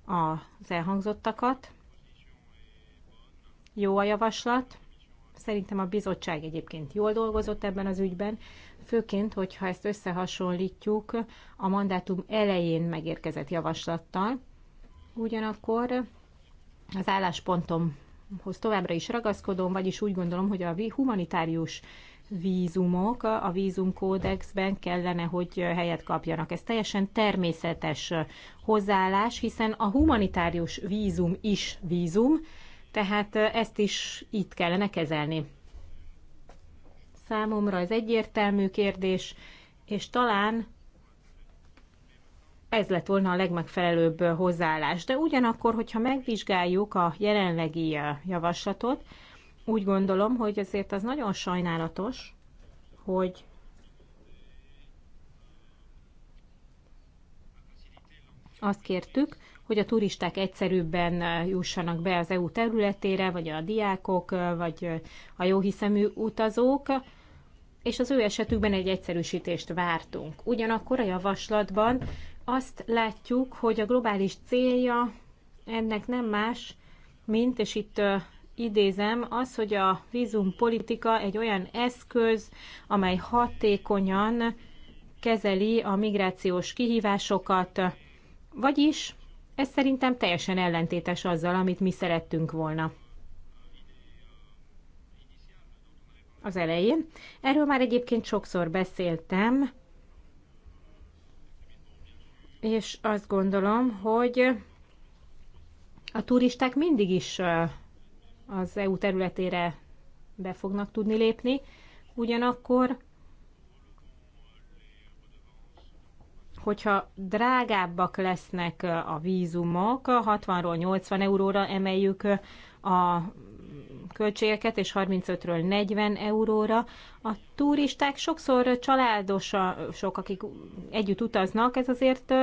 az elhangzottakat. Jó a javaslat. Szerintem a bizottság egyébként jól dolgozott ebben az ügyben, főként, hogyha ezt összehasonlítjuk a mandátum elején megérkezett javaslattal. Ugyanakkor az álláspontom hoz továbbra is ragaszkodom, vagyis úgy gondolom, hogy a humanitárius vízumok a vízumkódexben kellene, hogy helyet kapjanak. Ez teljesen természetes hozzáállás, hiszen a humanitárius vízum is vízum, tehát ezt is itt kellene kezelni. Számomra ez egyértelmű kérdés, és talán ez lett volna a legmegfelelőbb hozzáállás. De ugyanakkor, hogyha megvizsgáljuk a jelenlegi javaslatot, úgy gondolom, hogy azért az nagyon sajnálatos, hogy azt kértük, hogy a turisták egyszerűbben jussanak be az EU területére, vagy a diákok, vagy a jóhiszemű utazók, és az ő esetükben egy egyszerűsítést vártunk. Ugyanakkor a javaslatban azt látjuk, hogy a globális célja ennek nem más, mint, és itt idézem, az, hogy a vízumpolitika egy olyan eszköz, amely hatékonyan kezeli a migrációs kihívásokat, vagyis ez szerintem teljesen ellentétes azzal, amit mi szerettünk volna. Az elején. Erről már egyébként sokszor beszéltem, és azt gondolom, hogy a turisták mindig is az EU területére be fognak tudni lépni, ugyanakkor, hogyha drágábbak lesznek a vízumok, 60-ról 80 euróra emeljük a költségeket, és 35-ről 40 euróra. A turisták sokszor családosok, akik együtt utaznak, ez azért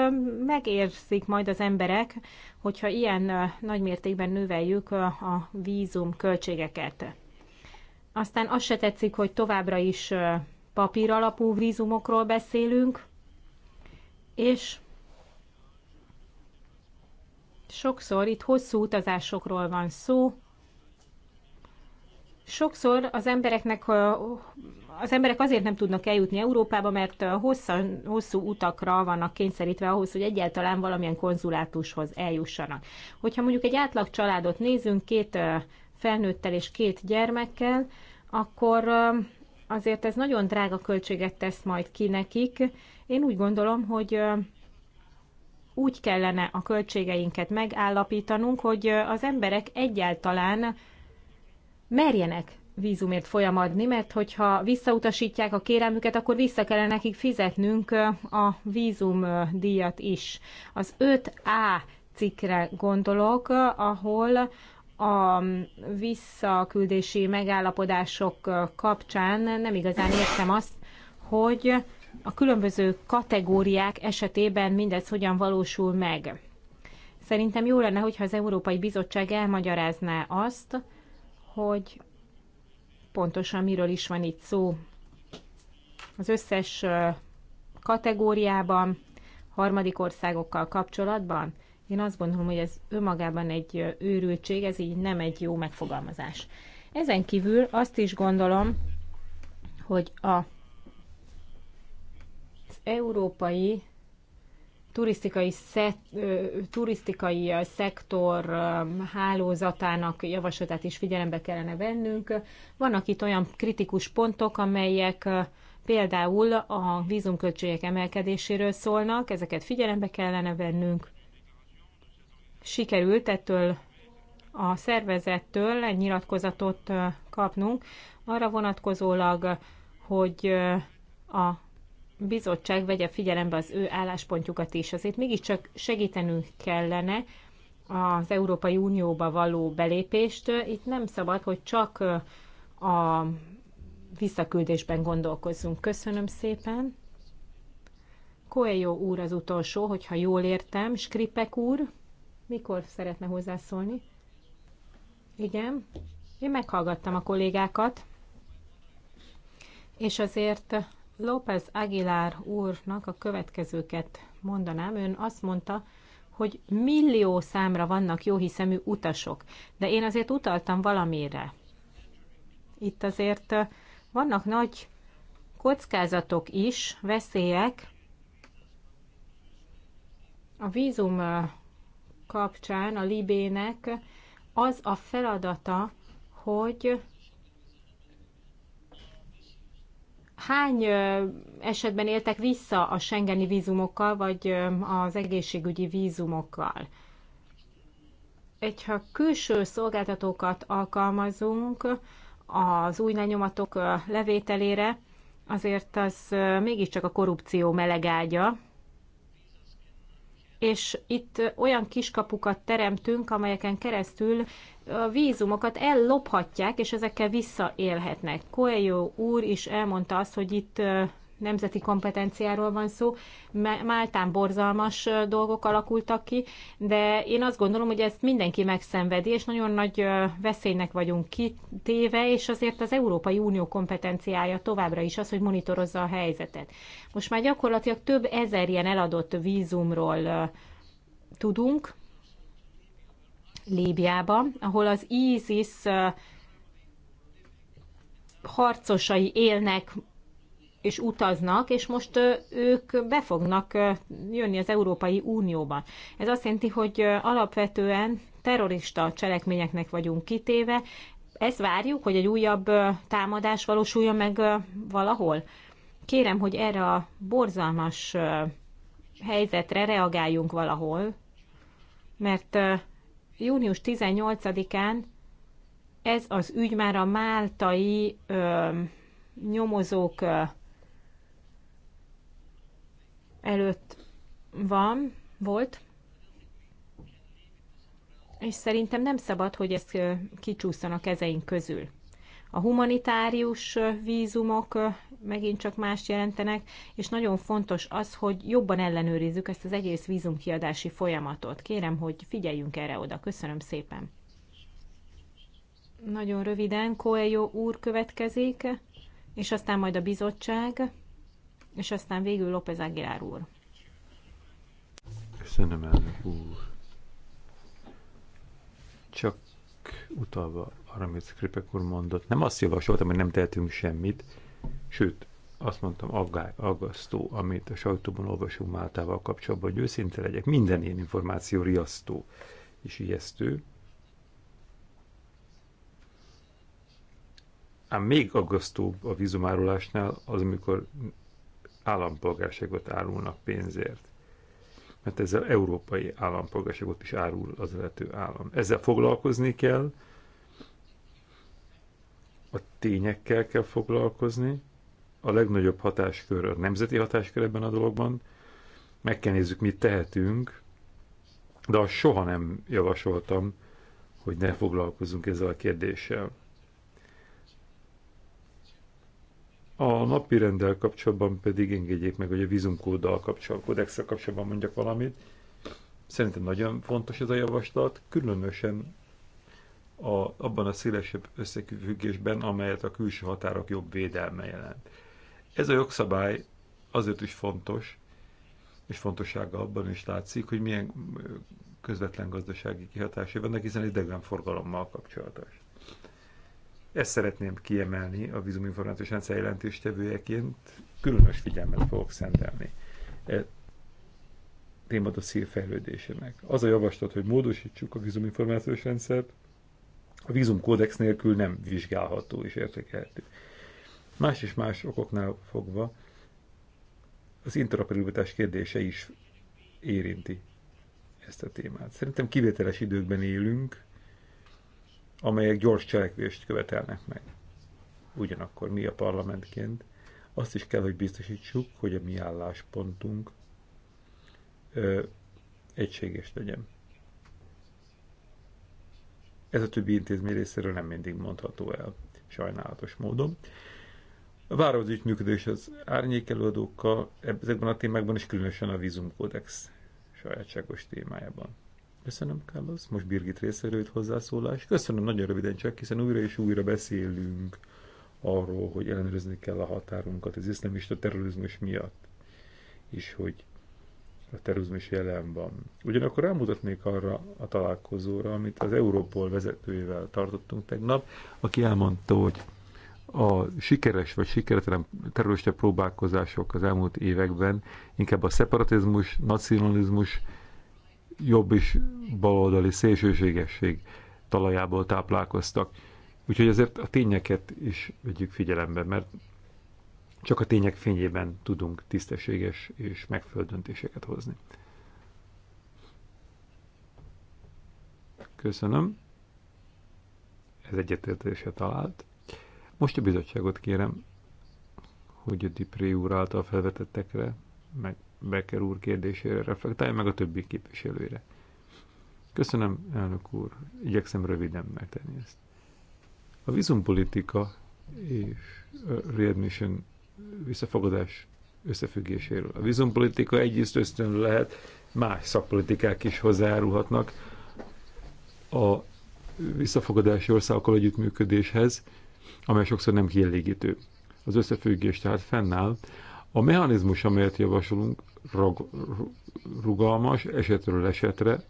megérzik majd az emberek, hogyha ilyen nagymértékben növeljük a vízum költségeket. Aztán azt se tetszik, hogy továbbra is papíralapú vízumokról beszélünk, és sokszor itt hosszú utazásokról van szó, Sokszor az embereknek az emberek azért nem tudnak eljutni Európába, mert hosszan, hosszú utakra vannak kényszerítve ahhoz, hogy egyáltalán valamilyen konzulátushoz eljussanak. Hogyha mondjuk egy átlag családot nézünk, két felnőttel és két gyermekkel, akkor azért ez nagyon drága költséget tesz majd ki nekik. Én úgy gondolom, hogy úgy kellene a költségeinket megállapítanunk, hogy az emberek egyáltalán merjenek vízumért folyamadni, mert hogyha visszautasítják a kérelmüket, akkor vissza kellene nekik fizetnünk a vízum díjat is. Az 5A cikkre gondolok, ahol a visszaküldési megállapodások kapcsán nem igazán értem azt, hogy a különböző kategóriák esetében mindez hogyan valósul meg. Szerintem jó lenne, hogyha az Európai Bizottság elmagyarázná azt, hogy pontosan miről is van itt szó. Az összes kategóriában, harmadik országokkal kapcsolatban, én azt gondolom, hogy ez önmagában egy őrültség, ez így nem egy jó megfogalmazás. Ezen kívül azt is gondolom, hogy a, az európai turisztikai, szet, turisztikai szektor hálózatának javaslatát is figyelembe kellene vennünk. Vannak itt olyan kritikus pontok, amelyek például a vízumköltségek emelkedéséről szólnak, ezeket figyelembe kellene vennünk. Sikerült ettől a szervezettől egy nyilatkozatot kapnunk, arra vonatkozólag, hogy a bizottság vegye figyelembe az ő álláspontjukat is. Azért mégiscsak segítenünk kellene az Európai Unióba való belépést. Itt nem szabad, hogy csak a visszaküldésben gondolkozzunk. Köszönöm szépen. Coelho úr az utolsó, hogyha jól értem. Skripek úr, mikor szeretne hozzászólni? Igen, én meghallgattam a kollégákat, és azért López Aguilar úrnak a következőket mondanám. Ön azt mondta, hogy millió számra vannak jóhiszemű utasok, de én azért utaltam valamire. Itt azért vannak nagy kockázatok is, veszélyek. A vízum kapcsán a libének az a feladata, hogy hány esetben éltek vissza a Schengeni vízumokkal, vagy az egészségügyi vízumokkal? Egyha külső szolgáltatókat alkalmazunk az új lenyomatok levételére, azért az mégiscsak a korrupció melegágya, és itt olyan kiskapukat teremtünk, amelyeken keresztül a vízumokat ellophatják, és ezekkel visszaélhetnek. Coelho úr is elmondta azt, hogy itt nemzeti kompetenciáról van szó. Máltán borzalmas dolgok alakultak ki, de én azt gondolom, hogy ezt mindenki megszenvedi, és nagyon nagy veszélynek vagyunk kitéve, és azért az Európai Unió kompetenciája továbbra is az, hogy monitorozza a helyzetet. Most már gyakorlatilag több ezer ilyen eladott vízumról tudunk, Líbiába, ahol az ISIS harcosai élnek és utaznak, és most ők be fognak jönni az Európai Unióba. Ez azt jelenti, hogy alapvetően terrorista cselekményeknek vagyunk kitéve. Ezt várjuk, hogy egy újabb támadás valósuljon meg valahol. Kérem, hogy erre a borzalmas helyzetre reagáljunk valahol, mert június 18-án ez az ügy már a máltai ö, nyomozók ö, előtt van, volt, és szerintem nem szabad, hogy ezt kicsúszson a kezeink közül. A humanitárius vízumok megint csak más jelentenek, és nagyon fontos az, hogy jobban ellenőrizzük ezt az egész vízumkiadási folyamatot. Kérem, hogy figyeljünk erre oda. Köszönöm szépen. Nagyon röviden Coelho úr következik, és aztán majd a bizottság és aztán végül López Aguilar úr. Köszönöm, elnök úr. Csak utalva arra, amit Skripek úr mondott, nem azt javasoltam, hogy nem tehetünk semmit, sőt, azt mondtam aggály, aggasztó, amit a sajtóban olvasunk Máltával kapcsolatban, hogy őszinte legyek, minden ilyen információ riasztó és ijesztő. Ám még aggasztóbb a vízumárulásnál az, amikor állampolgárságot árulnak pénzért. Mert ezzel európai állampolgárságot is árul az illető állam. Ezzel foglalkozni kell, a tényekkel kell foglalkozni, a legnagyobb hatáskör, a nemzeti hatáskör ebben a dologban, meg kell nézzük, mit tehetünk, de azt soha nem javasoltam, hogy ne foglalkozunk ezzel a kérdéssel. A napi rendel kapcsolatban pedig engedjék meg, hogy a vízumkóddal kapcsolatban, kódexsel kapcsolatban mondjak valamit. Szerintem nagyon fontos ez a javaslat, különösen a, abban a szélesebb összefüggésben, amelyet a külső határok jobb védelme jelent. Ez a jogszabály azért is fontos, és fontossága abban is látszik, hogy milyen közvetlen gazdasági kihatásai vannak, hiszen idegenforgalommal kapcsolatos. Ezt szeretném kiemelni a vízuminformációs rendszer jelentéstevőjeként, különös figyelmet fogok szentelni a e témadosszír fejlődésének. Az a javaslat, hogy módosítsuk a vízuminformációs rendszert, a vízumkódex nélkül nem vizsgálható és értékelhető. Más és más okoknál fogva az interoperabilitás kérdése is érinti ezt a témát. Szerintem kivételes időkben élünk, amelyek gyors cselekvést követelnek meg. Ugyanakkor mi a parlamentként azt is kell, hogy biztosítsuk, hogy a mi álláspontunk ö, egységes legyen. Ez a többi intézmény részéről nem mindig mondható el, sajnálatos módon. A az ügyműködés az árnyékelőadókkal, ezekben a témákban is különösen a vízumkódex sajátságos témájában. Köszönöm, Carlos. Most Birgit részéről hozzászólás. Köszönöm, nagyon röviden csak, hiszen újra és újra beszélünk arról, hogy ellenőrizni kell a határunkat az iszlamista terrorizmus miatt, és hogy a terrorizmus jelen van. Ugyanakkor elmutatnék arra a találkozóra, amit az Európol vezetőjével tartottunk tegnap, aki elmondta, hogy a sikeres vagy sikeretlen terrorista próbálkozások az elmúlt években inkább a szeparatizmus, nacionalizmus, jobb és baloldali szélsőségesség talajából táplálkoztak. Úgyhogy azért a tényeket is vegyük figyelembe, mert csak a tények fényében tudunk tisztességes és megfelelő döntéseket hozni. Köszönöm. Ez egyetértésre talált. Most a bizottságot kérem, hogy a Dipré úr által felvetettekre, meg Becker úr kérdésére reflektálja, meg a többi képviselőre. Köszönöm, elnök úr. Igyekszem röviden megtenni ezt. A vízumpolitika és a readmission visszafogadás összefüggéséről. A vízumpolitika egyrészt ösztön lehet, más szakpolitikák is hozzájárulhatnak a visszafogadási országokkal együttműködéshez, amely sokszor nem kielégítő. Az összefüggés tehát fennáll. A mechanizmus, amelyet javasolunk, rugalmas, esetről esetre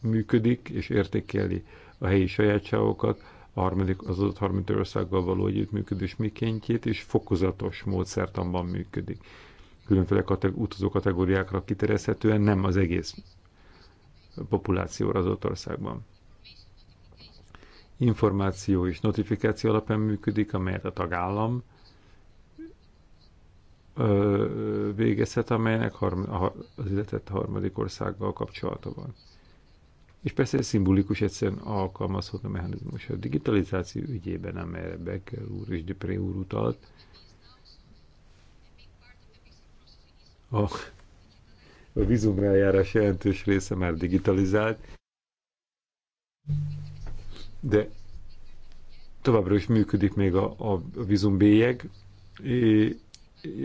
működik és értékeli a helyi sajátságokat, a harmadik, az adott harmadik országgal való együttműködés mikéntjét, és fokozatos módszertanban működik. Különféle kategó, utazó kategóriákra kiterezhetően nem az egész populációra az adott országban. Információ és notifikáció alapján működik, amelyet a tagállam végezhet, amelynek az illetett harmadik országgal kapcsolata van. És persze szimbolikus egyszerűen alkalmazható mechanizmus. A digitalizáció ügyében, amelyre Becker úr és Depré úr utalt, a, a vízumeljárás jelentős része már digitalizált, de továbbra is működik még a, a, a vízumbélyeg,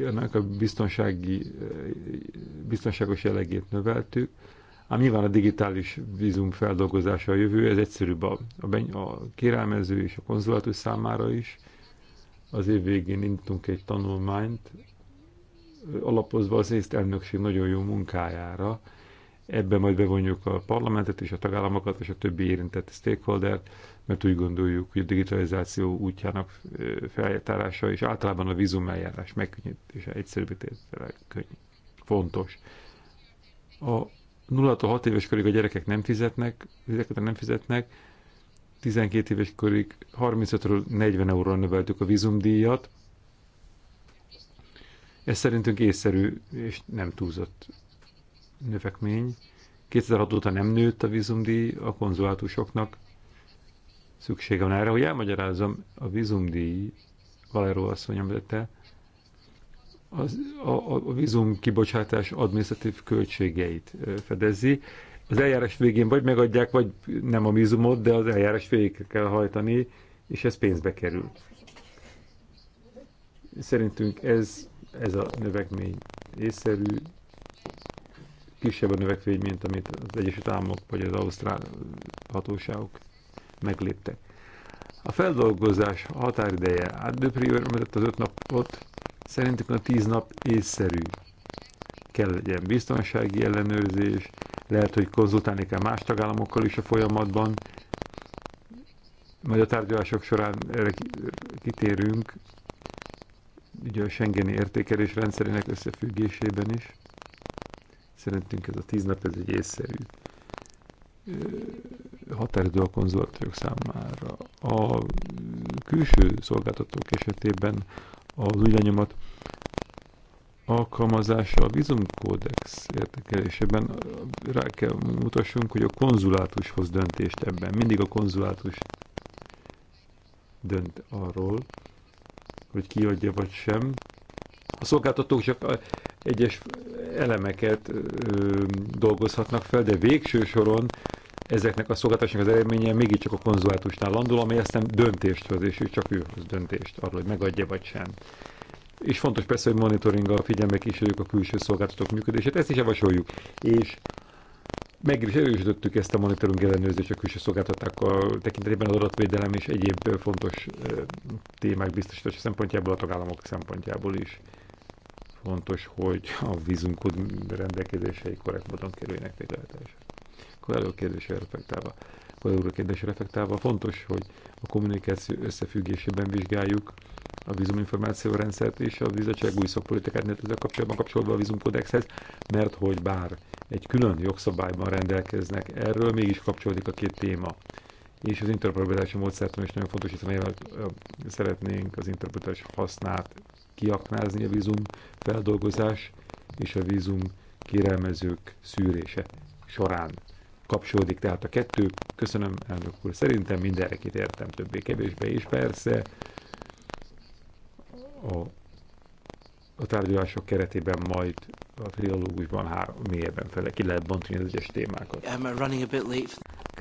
ennek a biztonsági, biztonságos jellegét növeltük, ám nyilván a digitális vízum feldolgozása a jövő, ez egyszerűbb a, a, a kérelmező és a konzulátus számára is. Az év végén indítunk egy tanulmányt, alapozva az észt elnökség nagyon jó munkájára, Ebben majd bevonjuk a parlamentet és a tagállamokat és a többi érintett stakeholder mert úgy gondoljuk, hogy a digitalizáció útjának feljártása és általában a vízumeljárás megkönnyítése, egyszerűbítése könnyű. Fontos. A 0-6 éves korig a gyerekek nem fizetnek, ezeket nem fizetnek, 12 éves korig 35-ről 40 euróra növeltük a vízumdíjat. Ez szerintünk észszerű és nem túlzott növekmény. 2006 óta nem nőtt a vízumdíj a konzulátusoknak. Szüksége van erre, hogy elmagyarázzam, a vízumdíj, Valero asszony említette, az, a, a, a vízum kibocsátás administratív költségeit fedezi. Az eljárás végén vagy megadják, vagy nem a vízumot, de az eljárás végig kell hajtani, és ez pénzbe kerül. Szerintünk ez, ez a növekmény észszerű, kisebb a növekvény, mint amit az Egyesült Államok vagy az Ausztrál hatóságok megléptek. A feldolgozás határideje átdöprió, mert az öt napot szerintük a tíz nap észszerű. Kell legyen biztonsági ellenőrzés, lehet, hogy konzultálni kell más tagállamokkal is a folyamatban, majd a tárgyalások során erre kitérünk, ugye a Schengeni értékelés rendszerének összefüggésében is. Szerintünk ez a tíz nap ez egy észszerű határidő a konzulátusok számára. A külső szolgáltatók esetében az új lenyomat alkalmazása a vízumkódex értekelésében rá kell mutassunk, hogy a konzulátus hoz döntést ebben. Mindig a konzulátus dönt arról, hogy kiadja vagy sem. A szolgáltatók csak egyes elemeket ö, dolgozhatnak fel, de végső soron ezeknek a szolgáltatásnak az eredménye mégiscsak a konzulátusnál landul, ami aztán döntést hoz, és csak ő hoz döntést arról, hogy megadja vagy sem. És fontos persze, hogy monitoringgal figyelme kísérjük a külső szolgáltatók működését, ezt is javasoljuk. És meg is erősítettük ezt a monitoring ellenőrzést a külső szolgáltatók tekintetében az adatvédelem és egyéb fontos témák biztosítása szempontjából, a tagállamok szempontjából is fontos, hogy a vízunkod rendelkezései korrekt módon kerüljenek végrehajtásra. a kérdésre reflektálva. a kérdésre reflektálva fontos, hogy a kommunikáció összefüggésében vizsgáljuk a vízuminformáció rendszert és a bizottság új szakpolitikát ezzel kapcsolatban kapcsolva a vízumkódexhez, mert hogy bár egy külön jogszabályban rendelkeznek erről, mégis kapcsolódik a két téma. És az interpretálási módszertan is nagyon fontos, hiszen szeretnénk az interpretás hasznát kiaknázni a vízum feldolgozás és a vízum kérelmezők szűrése során kapcsolódik. Tehát a kettő, köszönöm elnök úr, szerintem mindenre értem többé-kevésbé, is persze a, a tárgyalások keretében majd a triológusban három mélyebben fele ki lehet bontani az egyes témákat.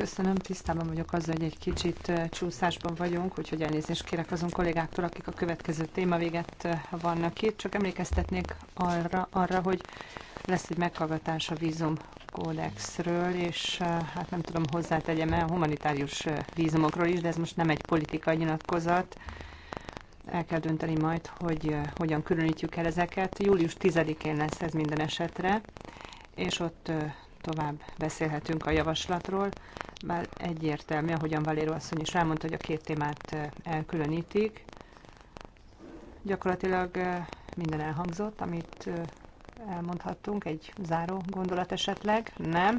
Köszönöm, tisztában vagyok azzal, hogy egy kicsit csúszásban vagyunk, úgyhogy elnézést kérek azon kollégáktól, akik a következő téma véget vannak itt. Csak emlékeztetnék arra, arra hogy lesz egy meghallgatás a vízum kódexről, és hát nem tudom hozzátegyem el humanitárius vízumokról is, de ez most nem egy politikai nyilatkozat. El kell dönteni majd, hogy hogyan különítjük el ezeket. Július 10-én lesz ez minden esetre, és ott tovább beszélhetünk a javaslatról, bár egyértelmű, ahogyan Valéro asszony is elmondta, hogy a két témát eh, elkülönítik. Gyakorlatilag eh, minden elhangzott, amit eh, elmondhattunk. Egy záró gondolat esetleg? Nem.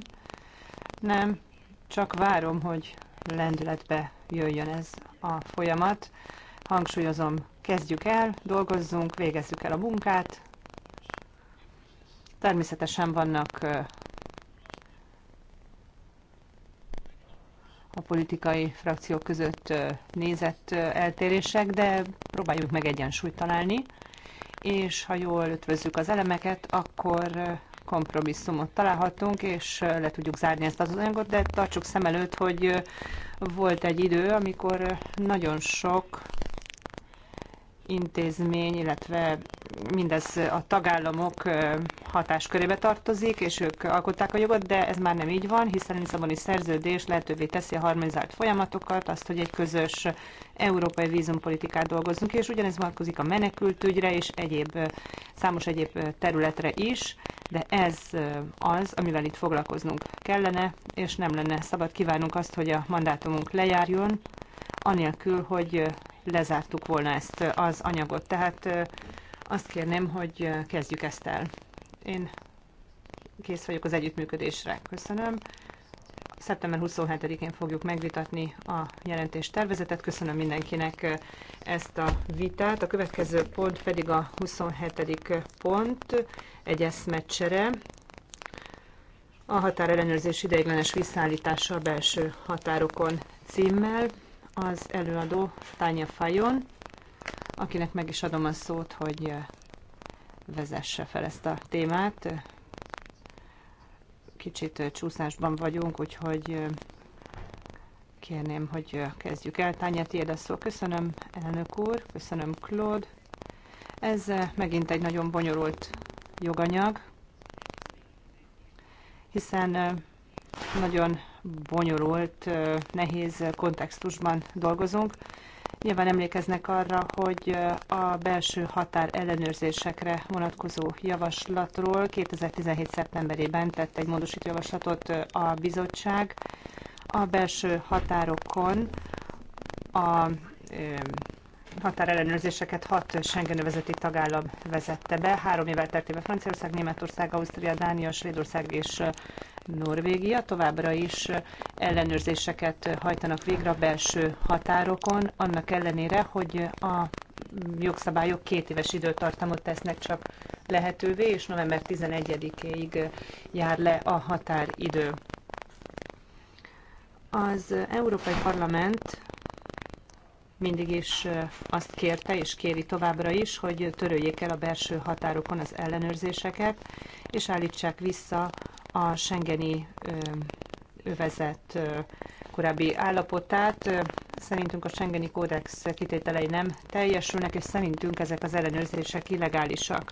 Nem. Csak várom, hogy lendületbe jöjjön ez a folyamat. Hangsúlyozom, kezdjük el, dolgozzunk, végezzük el a munkát. Természetesen vannak a politikai frakciók között nézett eltérések, de próbáljuk meg egyensúlyt találni, és ha jól ötvözzük az elemeket, akkor kompromisszumot találhatunk, és le tudjuk zárni ezt az anyagot, de tartsuk szem előtt, hogy volt egy idő, amikor nagyon sok intézmény, illetve mindez a tagállamok hatáskörébe tartozik, és ők alkották a jogot, de ez már nem így van, hiszen a Lisszaboni szerződés lehetővé teszi a harmonizált folyamatokat, azt, hogy egy közös európai vízumpolitikát dolgozzunk, és ugyanez vonatkozik a menekültügyre és egyéb, számos egyéb területre is, de ez az, amivel itt foglalkoznunk kellene, és nem lenne szabad kívánunk azt, hogy a mandátumunk lejárjon, anélkül, hogy lezártuk volna ezt az anyagot. Tehát azt kérném, hogy kezdjük ezt el. Én kész vagyok az együttműködésre. Köszönöm. Szeptember 27-én fogjuk megvitatni a jelentés tervezetet. Köszönöm mindenkinek ezt a vitát. A következő pont pedig a 27. pont, egy eszmecsere. A határellenőrzés ideiglenes visszaállítása a belső határokon címmel az előadó Tanya Fajon, akinek meg is adom a szót, hogy eh, vezesse fel ezt a témát. Kicsit eh, csúszásban vagyunk, úgyhogy eh, kérném, hogy kezdjük el. Tanya, tiéd a szó. Köszönöm, elnök úr, köszönöm, Claude. Ez megint egy nagyon bonyolult joganyag, hiszen nagyon bonyolult, nehéz kontextusban dolgozunk. Nyilván emlékeznek arra, hogy a belső határ ellenőrzésekre vonatkozó javaslatról 2017. szeptemberében tett egy módosító javaslatot a bizottság. A belső határokon a határellenőrzéseket hat Schengen övezeti tagállam vezette be. Három évvel teltéve Franciaország, Németország, Ausztria, Dánia, Svédország és Norvégia továbbra is ellenőrzéseket hajtanak végre a belső határokon, annak ellenére, hogy a jogszabályok két éves időtartamot tesznek csak lehetővé, és november 11 ig jár le a határidő. Az Európai Parlament mindig is azt kérte, és kéri továbbra is, hogy töröljék el a belső határokon az ellenőrzéseket, és állítsák vissza a Schengeni övezet korábbi állapotát. Szerintünk a Schengeni kódex kitételei nem teljesülnek, és szerintünk ezek az ellenőrzések illegálisak.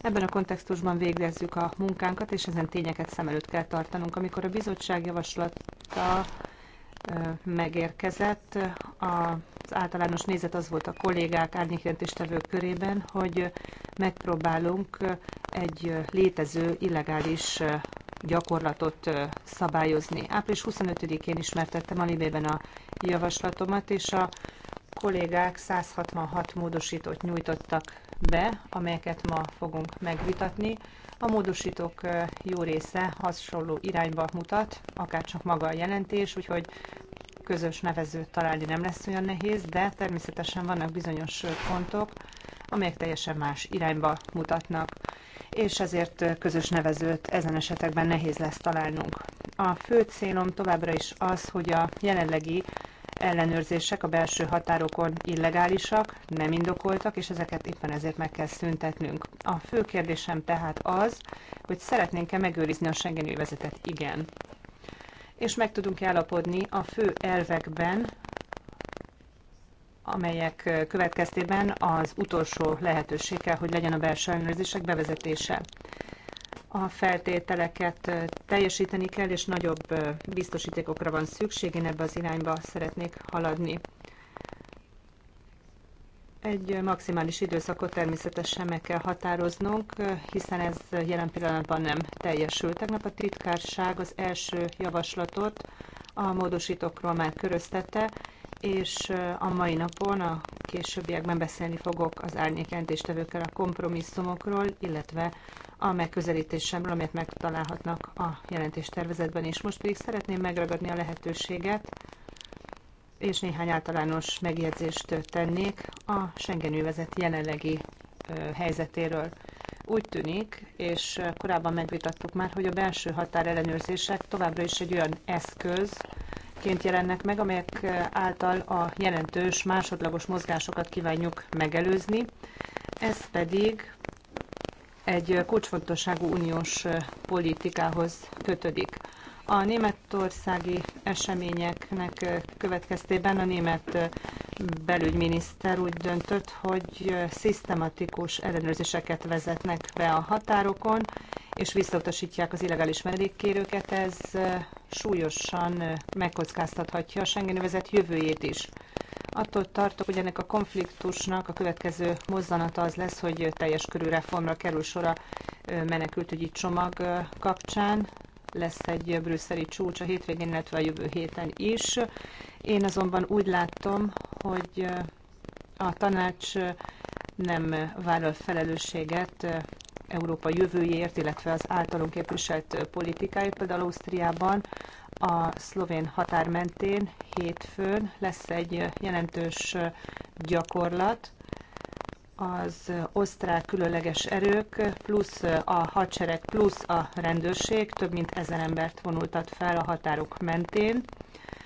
Ebben a kontextusban végezzük a munkánkat, és ezen tényeket szem előtt kell tartanunk. Amikor a bizottság javaslata megérkezett, az általános nézet az volt a kollégák, árnyékjelentéstevők körében, hogy megpróbálunk egy létező illegális gyakorlatot szabályozni. Április 25-én ismertettem a Libében a javaslatomat, és a kollégák 166 módosítót nyújtottak be, amelyeket ma fogunk megvitatni. A módosítók jó része hasonló irányba mutat, akár csak maga a jelentés, úgyhogy közös nevezőt találni nem lesz olyan nehéz, de természetesen vannak bizonyos pontok, amelyek teljesen más irányba mutatnak és ezért közös nevezőt ezen esetekben nehéz lesz találnunk. A fő célom továbbra is az, hogy a jelenlegi ellenőrzések a belső határokon illegálisak, nem indokoltak, és ezeket éppen ezért meg kell szüntetnünk. A fő kérdésem tehát az, hogy szeretnénk-e megőrizni a Schengen övezetet? Igen. És meg tudunk állapodni a fő elvekben, amelyek következtében az utolsó lehetőség kell, hogy legyen a belső ellenőrzések bevezetése. A feltételeket teljesíteni kell, és nagyobb biztosítékokra van szükség. Én ebbe az irányba szeretnék haladni. Egy maximális időszakot természetesen meg kell határoznunk, hiszen ez jelen pillanatban nem teljesül. Tegnap a titkárság az első javaslatot a módosítókról már köröztette, és a mai napon, a későbbiekben beszélni fogok az árnyékjelentéstevőkkel a kompromisszumokról, illetve a megközelítésemről, amelyet megtalálhatnak a jelentéstervezetben is. Most pedig szeretném megragadni a lehetőséget, és néhány általános megjegyzést tennék a Schengen övezet jelenlegi helyzetéről. Úgy tűnik, és korábban megvitattuk már, hogy a belső határellenőrzések továbbra is egy olyan eszköz, eszközként jelennek meg, amelyek által a jelentős másodlagos mozgásokat kívánjuk megelőzni. Ez pedig egy kulcsfontosságú uniós politikához kötődik. A németországi eseményeknek következtében a német belügyminiszter úgy döntött, hogy szisztematikus ellenőrzéseket vezetnek be a határokon, és visszautasítják az illegális menedékkérőket. Ez súlyosan megkockáztathatja a Schengen övezet jövőjét is. Attól tartok, hogy ennek a konfliktusnak a következő mozzanata az lesz, hogy teljes körű reformra kerül sor a menekültügyi csomag kapcsán, lesz egy brüsszeli csúcs a hétvégén, illetve a jövő héten is. Én azonban úgy látom, hogy a tanács nem vállal felelősséget Európa jövőjéért, illetve az általunk képviselt politikáért. Például Ausztriában a szlovén határ mentén hétfőn lesz egy jelentős gyakorlat, az osztrák különleges erők, plusz a hadsereg, plusz a rendőrség több mint ezer embert vonultat fel a határok mentén.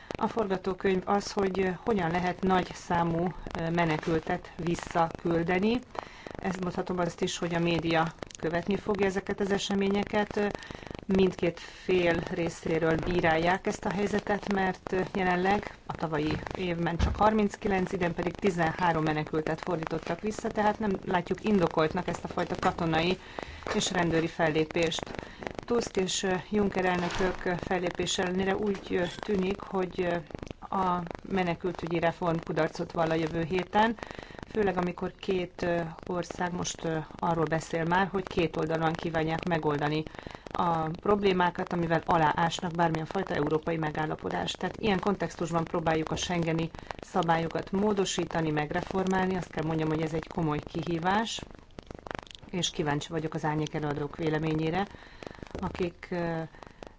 A forgatókönyv az, hogy hogyan lehet nagy számú menekültet visszaküldeni. Ezt mondhatom azt is, hogy a média követni fogja ezeket az eseményeket mindkét fél részéről bírálják ezt a helyzetet, mert jelenleg a tavalyi évben csak 39, idén pedig 13 menekültet fordítottak vissza, tehát nem látjuk indokoltnak ezt a fajta katonai és rendőri fellépést. Tusk és Juncker elnökök fellépés ellenére úgy tűnik, hogy a menekültügyi reform kudarcot vall a jövő héten, főleg amikor két ország most arról beszél már, hogy két oldalon kívánják megoldani a problémákat, amivel aláásnak bármilyen fajta európai megállapodást. Tehát ilyen kontextusban próbáljuk a Schengeni szabályokat módosítani, megreformálni. Azt kell mondjam, hogy ez egy komoly kihívás, és kíváncsi vagyok az árnyék előadók véleményére, akik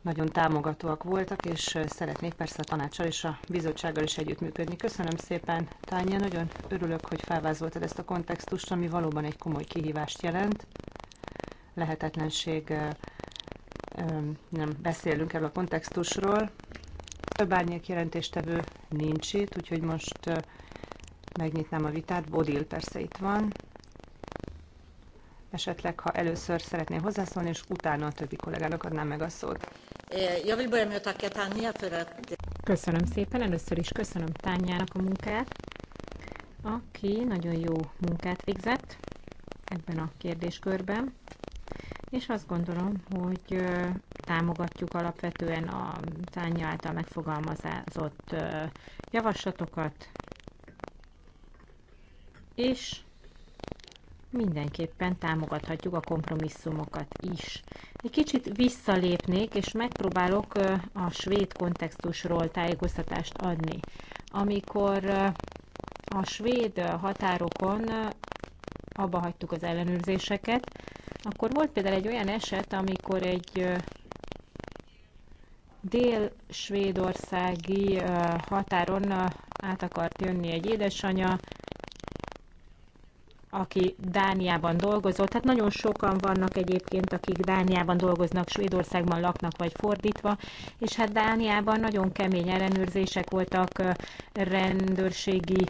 nagyon támogatóak voltak, és szeretnék persze a tanácsal és a bizottsággal is együttműködni. Köszönöm szépen, Tánya, nagyon örülök, hogy felvázoltad ezt a kontextust, ami valóban egy komoly kihívást jelent. Lehetetlenség nem beszélünk erről a kontextusról. Több árnyék jelentéstevő nincs itt, úgyhogy most megnyitnám a vitát. Bodil persze itt van. Esetleg, ha először szeretné hozzászólni, és utána a többi kollégának adnám meg a szót. Köszönöm szépen. Először is köszönöm Tányának a munkát, aki nagyon jó munkát végzett ebben a kérdéskörben és azt gondolom, hogy támogatjuk alapvetően a Tánya által megfogalmazott javaslatokat, és mindenképpen támogathatjuk a kompromisszumokat is. Egy kicsit visszalépnék, és megpróbálok a svéd kontextusról tájékoztatást adni. Amikor a svéd határokon abba hagytuk az ellenőrzéseket, akkor volt például egy olyan eset, amikor egy dél-svédországi határon át akart jönni egy édesanya, aki Dániában dolgozott. Tehát nagyon sokan vannak egyébként, akik Dániában dolgoznak, Svédországban laknak, vagy fordítva, és hát Dániában nagyon kemény ellenőrzések voltak, rendőrségi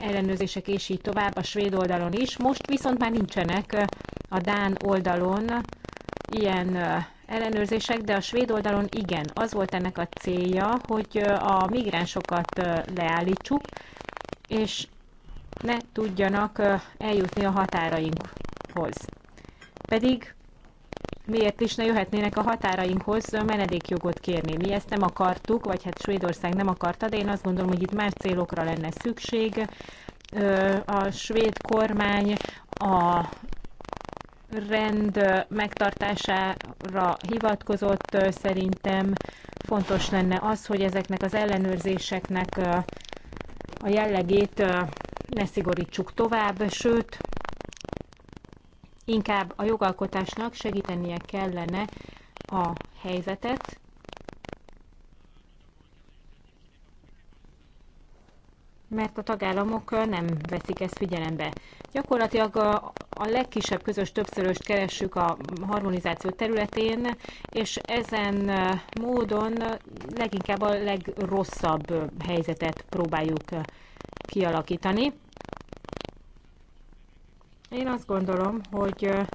ellenőrzések és így tovább a svéd oldalon is. Most viszont már nincsenek a Dán oldalon ilyen ellenőrzések, de a svéd oldalon igen. Az volt ennek a célja, hogy a migránsokat leállítsuk, és ne tudjanak eljutni a határainkhoz. Pedig miért is ne jöhetnének a határainkhoz menedékjogot kérni. Mi ezt nem akartuk, vagy hát Svédország nem akarta, de én azt gondolom, hogy itt más célokra lenne szükség. A svéd kormány a rend megtartására hivatkozott, szerintem fontos lenne az, hogy ezeknek az ellenőrzéseknek a jellegét ne szigorítsuk tovább, sőt, Inkább a jogalkotásnak segítenie kellene a helyzetet, mert a tagállamok nem veszik ezt figyelembe. Gyakorlatilag a, a legkisebb közös többszöröst keressük a harmonizáció területén, és ezen módon leginkább a legrosszabb helyzetet próbáljuk kialakítani. Én azt gondolom, hogy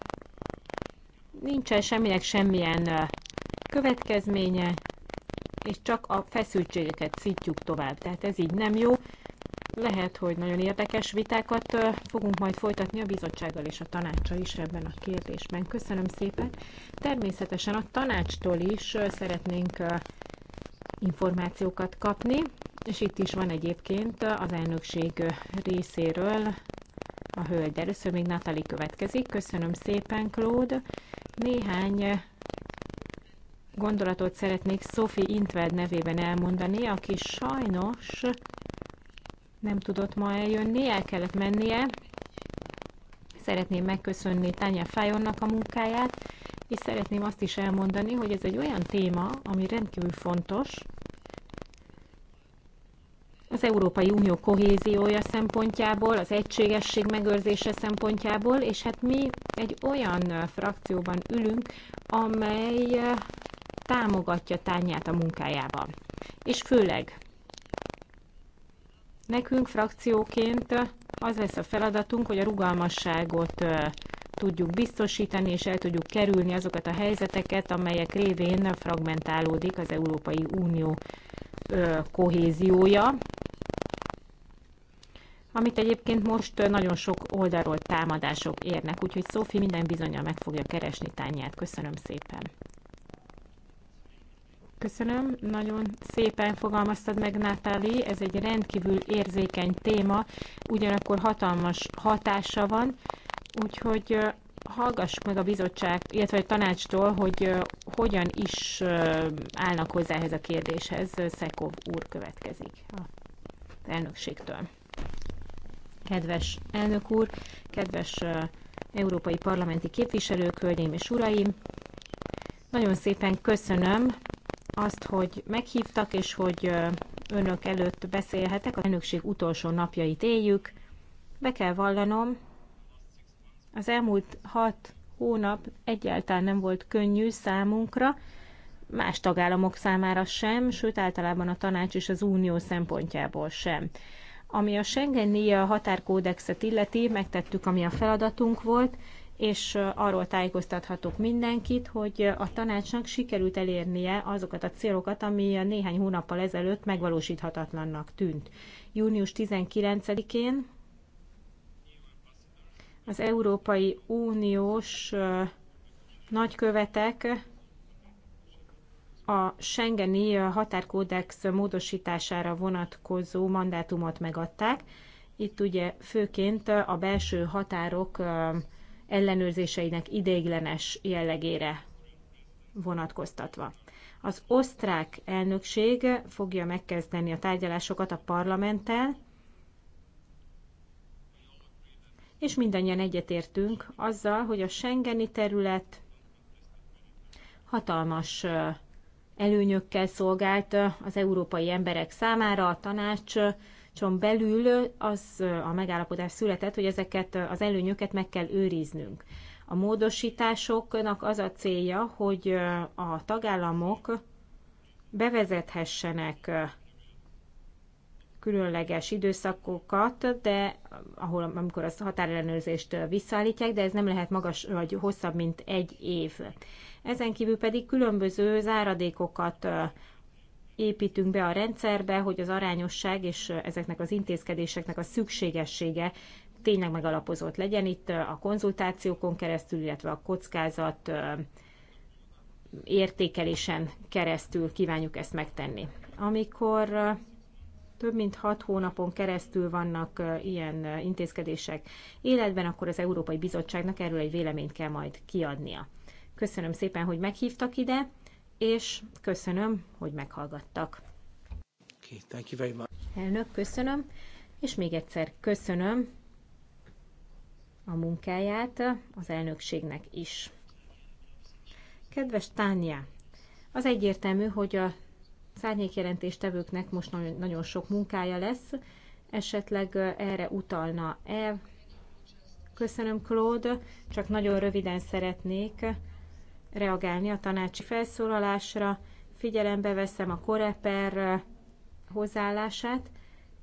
nincsen semminek semmilyen következménye, és csak a feszültségeket szítjuk tovább. Tehát ez így nem jó. Lehet, hogy nagyon érdekes vitákat fogunk majd folytatni a bizottsággal és a tanácsa is ebben a kérdésben. Köszönöm szépen. Természetesen a tanácstól is szeretnénk információkat kapni, és itt is van egyébként az elnökség részéről a hölgy. Először még Natali következik. Köszönöm szépen, Claude. Néhány gondolatot szeretnék Sophie Intved nevében elmondani, aki sajnos nem tudott ma eljönni, el kellett mennie. Szeretném megköszönni Tanya Fajonnak a munkáját, és szeretném azt is elmondani, hogy ez egy olyan téma, ami rendkívül fontos, az Európai Unió kohéziója szempontjából, az egységesség megőrzése szempontjából, és hát mi egy olyan frakcióban ülünk, amely támogatja tányát a munkájában. És főleg nekünk frakcióként az lesz a feladatunk, hogy a rugalmasságot tudjuk biztosítani, és el tudjuk kerülni azokat a helyzeteket, amelyek révén fragmentálódik az Európai Unió kohéziója, amit egyébként most nagyon sok oldalról támadások érnek, úgyhogy Szófi minden bizonyal meg fogja keresni tányját. Köszönöm szépen! Köszönöm, nagyon szépen fogalmaztad meg, Nátáli, ez egy rendkívül érzékeny téma, ugyanakkor hatalmas hatása van, úgyhogy hallgassuk meg a bizottság, illetve a tanácstól, hogy hogyan is állnak hozzá ehhez a kérdéshez. Szekov úr következik a elnökségtől. Kedves elnök úr, kedves európai parlamenti képviselők, hölgyeim és uraim! Nagyon szépen köszönöm azt, hogy meghívtak, és hogy önök előtt beszélhetek. A elnökség utolsó napjait éljük. Be kell vallanom, az elmúlt hat hónap egyáltalán nem volt könnyű számunkra, más tagállamok számára sem, sőt általában a tanács és az unió szempontjából sem. Ami a a eh, határkódexet illeti, megtettük, ami a feladatunk volt, és eh, arról tájékoztathatok mindenkit, hogy eh, a tanácsnak sikerült elérnie azokat a célokat, ami néhány hónappal ezelőtt megvalósíthatatlannak tűnt. Június 19-én az Európai Uniós nagykövetek a Schengeni határkódex módosítására vonatkozó mandátumot megadták. Itt ugye főként a belső határok ellenőrzéseinek ideiglenes jellegére vonatkoztatva. Az osztrák elnökség fogja megkezdeni a tárgyalásokat a parlamenttel, és mindannyian egyetértünk azzal, hogy a Schengeni terület hatalmas előnyökkel szolgált az európai emberek számára. A tanácson belül az a megállapodás született, hogy ezeket az előnyöket meg kell őriznünk. A módosításoknak az a célja, hogy a tagállamok bevezethessenek különleges időszakokat, de ahol, amikor a határellenőrzést visszaállítják, de ez nem lehet magas vagy hosszabb, mint egy év. Ezen kívül pedig különböző záradékokat építünk be a rendszerbe, hogy az arányosság és ezeknek az intézkedéseknek a szükségessége tényleg megalapozott legyen itt a konzultációkon keresztül, illetve a kockázat értékelésen keresztül kívánjuk ezt megtenni. Amikor több mint hat hónapon keresztül vannak ilyen intézkedések életben, akkor az Európai Bizottságnak erről egy véleményt kell majd kiadnia. Köszönöm szépen, hogy meghívtak ide, és köszönöm, hogy meghallgattak. Okay, thank you very much. Elnök, köszönöm, és még egyszer köszönöm a munkáját az elnökségnek is. Kedves Tánia, az egyértelmű, hogy a szárnyékjelentéstevőknek most nagyon, nagyon sok munkája lesz, esetleg erre utalna e Köszönöm, Claude, csak nagyon röviden szeretnék reagálni a tanácsi felszólalásra, figyelembe veszem a koreper hozzáállását,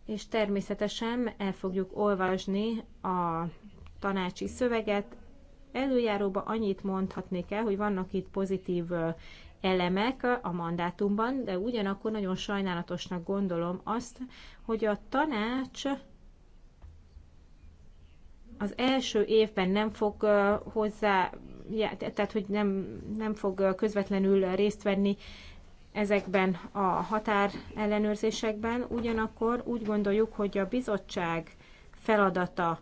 és természetesen el fogjuk olvasni a tanácsi szöveget. Előjáróba annyit mondhatnék el, hogy vannak itt pozitív elemek a mandátumban, de ugyanakkor nagyon sajnálatosnak gondolom azt, hogy a tanács az első évben nem fog hozzá tehát hogy nem, nem fog közvetlenül részt venni ezekben a határ ellenőrzésekben, Ugyanakkor úgy gondoljuk, hogy a bizottság feladata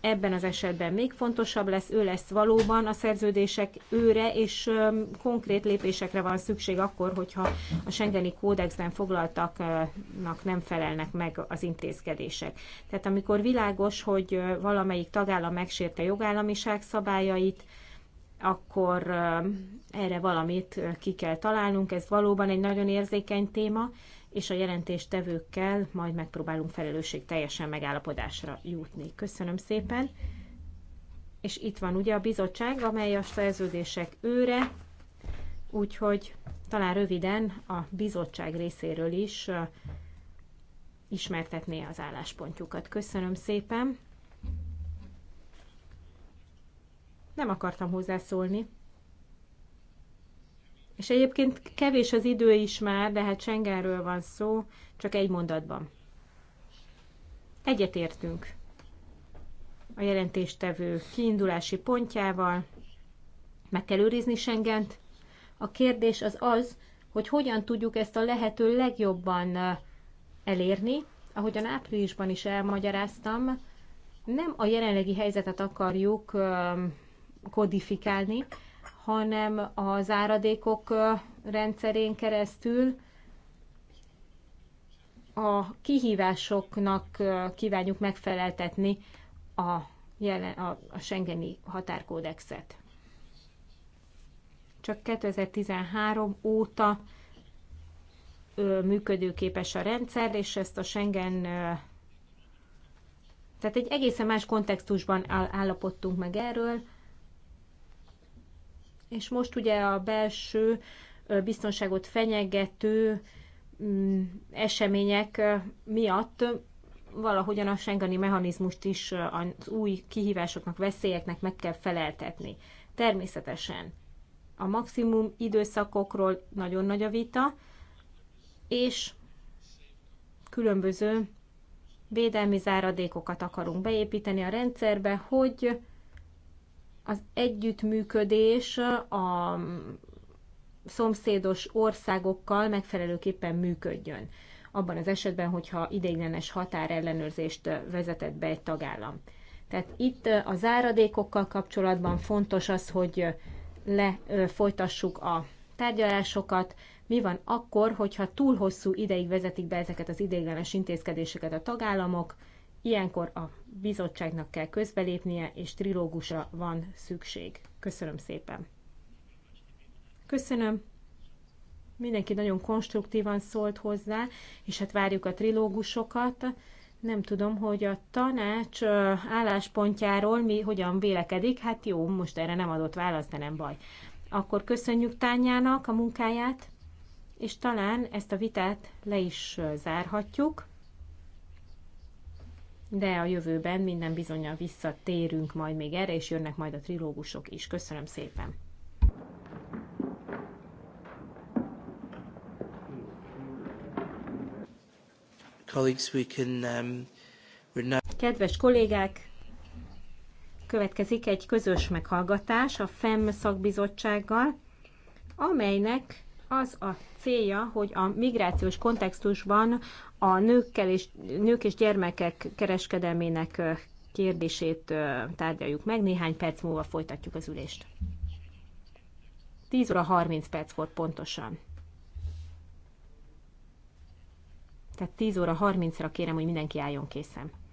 ebben az esetben még fontosabb lesz, ő lesz valóban a szerződések őre, és konkrét lépésekre van szükség akkor, hogyha a Schengeni kódexben foglaltaknak nem felelnek meg az intézkedések. Tehát amikor világos, hogy valamelyik tagállam megsérte jogállamiság szabályait, akkor erre valamit ki kell találnunk. Ez valóban egy nagyon érzékeny téma, és a jelentéstevőkkel majd megpróbálunk felelősség teljesen megállapodásra jutni. Köszönöm szépen! És itt van ugye a bizottság, amely a szerződések őre, úgyhogy talán röviden a bizottság részéről is ismertetné az álláspontjukat. Köszönöm szépen! Nem akartam hozzászólni. És egyébként kevés az idő is már, de hát Schengenről van szó, csak egy mondatban. Egyetértünk a jelentéstevő kiindulási pontjával, meg kell őrizni Schengent. A kérdés az az, hogy hogyan tudjuk ezt a lehető legjobban elérni. Ahogyan áprilisban is elmagyaráztam, nem a jelenlegi helyzetet akarjuk kodifikálni, hanem az áradékok rendszerén keresztül a kihívásoknak kívánjuk megfeleltetni a, jelen, a, a Schengeni határkódexet. Csak 2013 óta ö, működőképes a rendszer, és ezt a Schengen ö, tehát egy egészen más kontextusban állapodtunk meg erről, és most ugye a belső biztonságot fenyegető mm, események miatt valahogyan a Schengeni mechanizmust is az új kihívásoknak, veszélyeknek meg kell feleltetni. Természetesen a maximum időszakokról nagyon nagy a vita, és különböző védelmi záradékokat akarunk beépíteni a rendszerbe, hogy az együttműködés a szomszédos országokkal megfelelőképpen működjön. Abban az esetben, hogyha ideiglenes határellenőrzést vezetett be egy tagállam. Tehát itt a záradékokkal kapcsolatban fontos az, hogy lefolytassuk a tárgyalásokat, mi van akkor, hogyha túl hosszú ideig vezetik be ezeket az ideiglenes intézkedéseket a tagállamok, Ilyenkor a bizottságnak kell közbelépnie, és trilógusra van szükség. Köszönöm szépen. Köszönöm. Mindenki nagyon konstruktívan szólt hozzá, és hát várjuk a trilógusokat. Nem tudom, hogy a tanács álláspontjáról mi hogyan vélekedik. Hát jó, most erre nem adott választ, de nem baj. Akkor köszönjük Tányának a munkáját, és talán ezt a vitát le is zárhatjuk de a jövőben minden bizonyal visszatérünk majd még erre, és jönnek majd a trilógusok is. Köszönöm szépen! Um, Kedves kollégák, következik egy közös meghallgatás a FEM szakbizottsággal, amelynek az a célja, hogy a migrációs kontextusban a nőkkel és, nők és gyermekek kereskedelmének kérdését tárgyaljuk meg. Néhány perc múlva folytatjuk az ülést. 10 óra 30 perc volt pontosan. Tehát 10 óra 30-ra kérem, hogy mindenki álljon készen.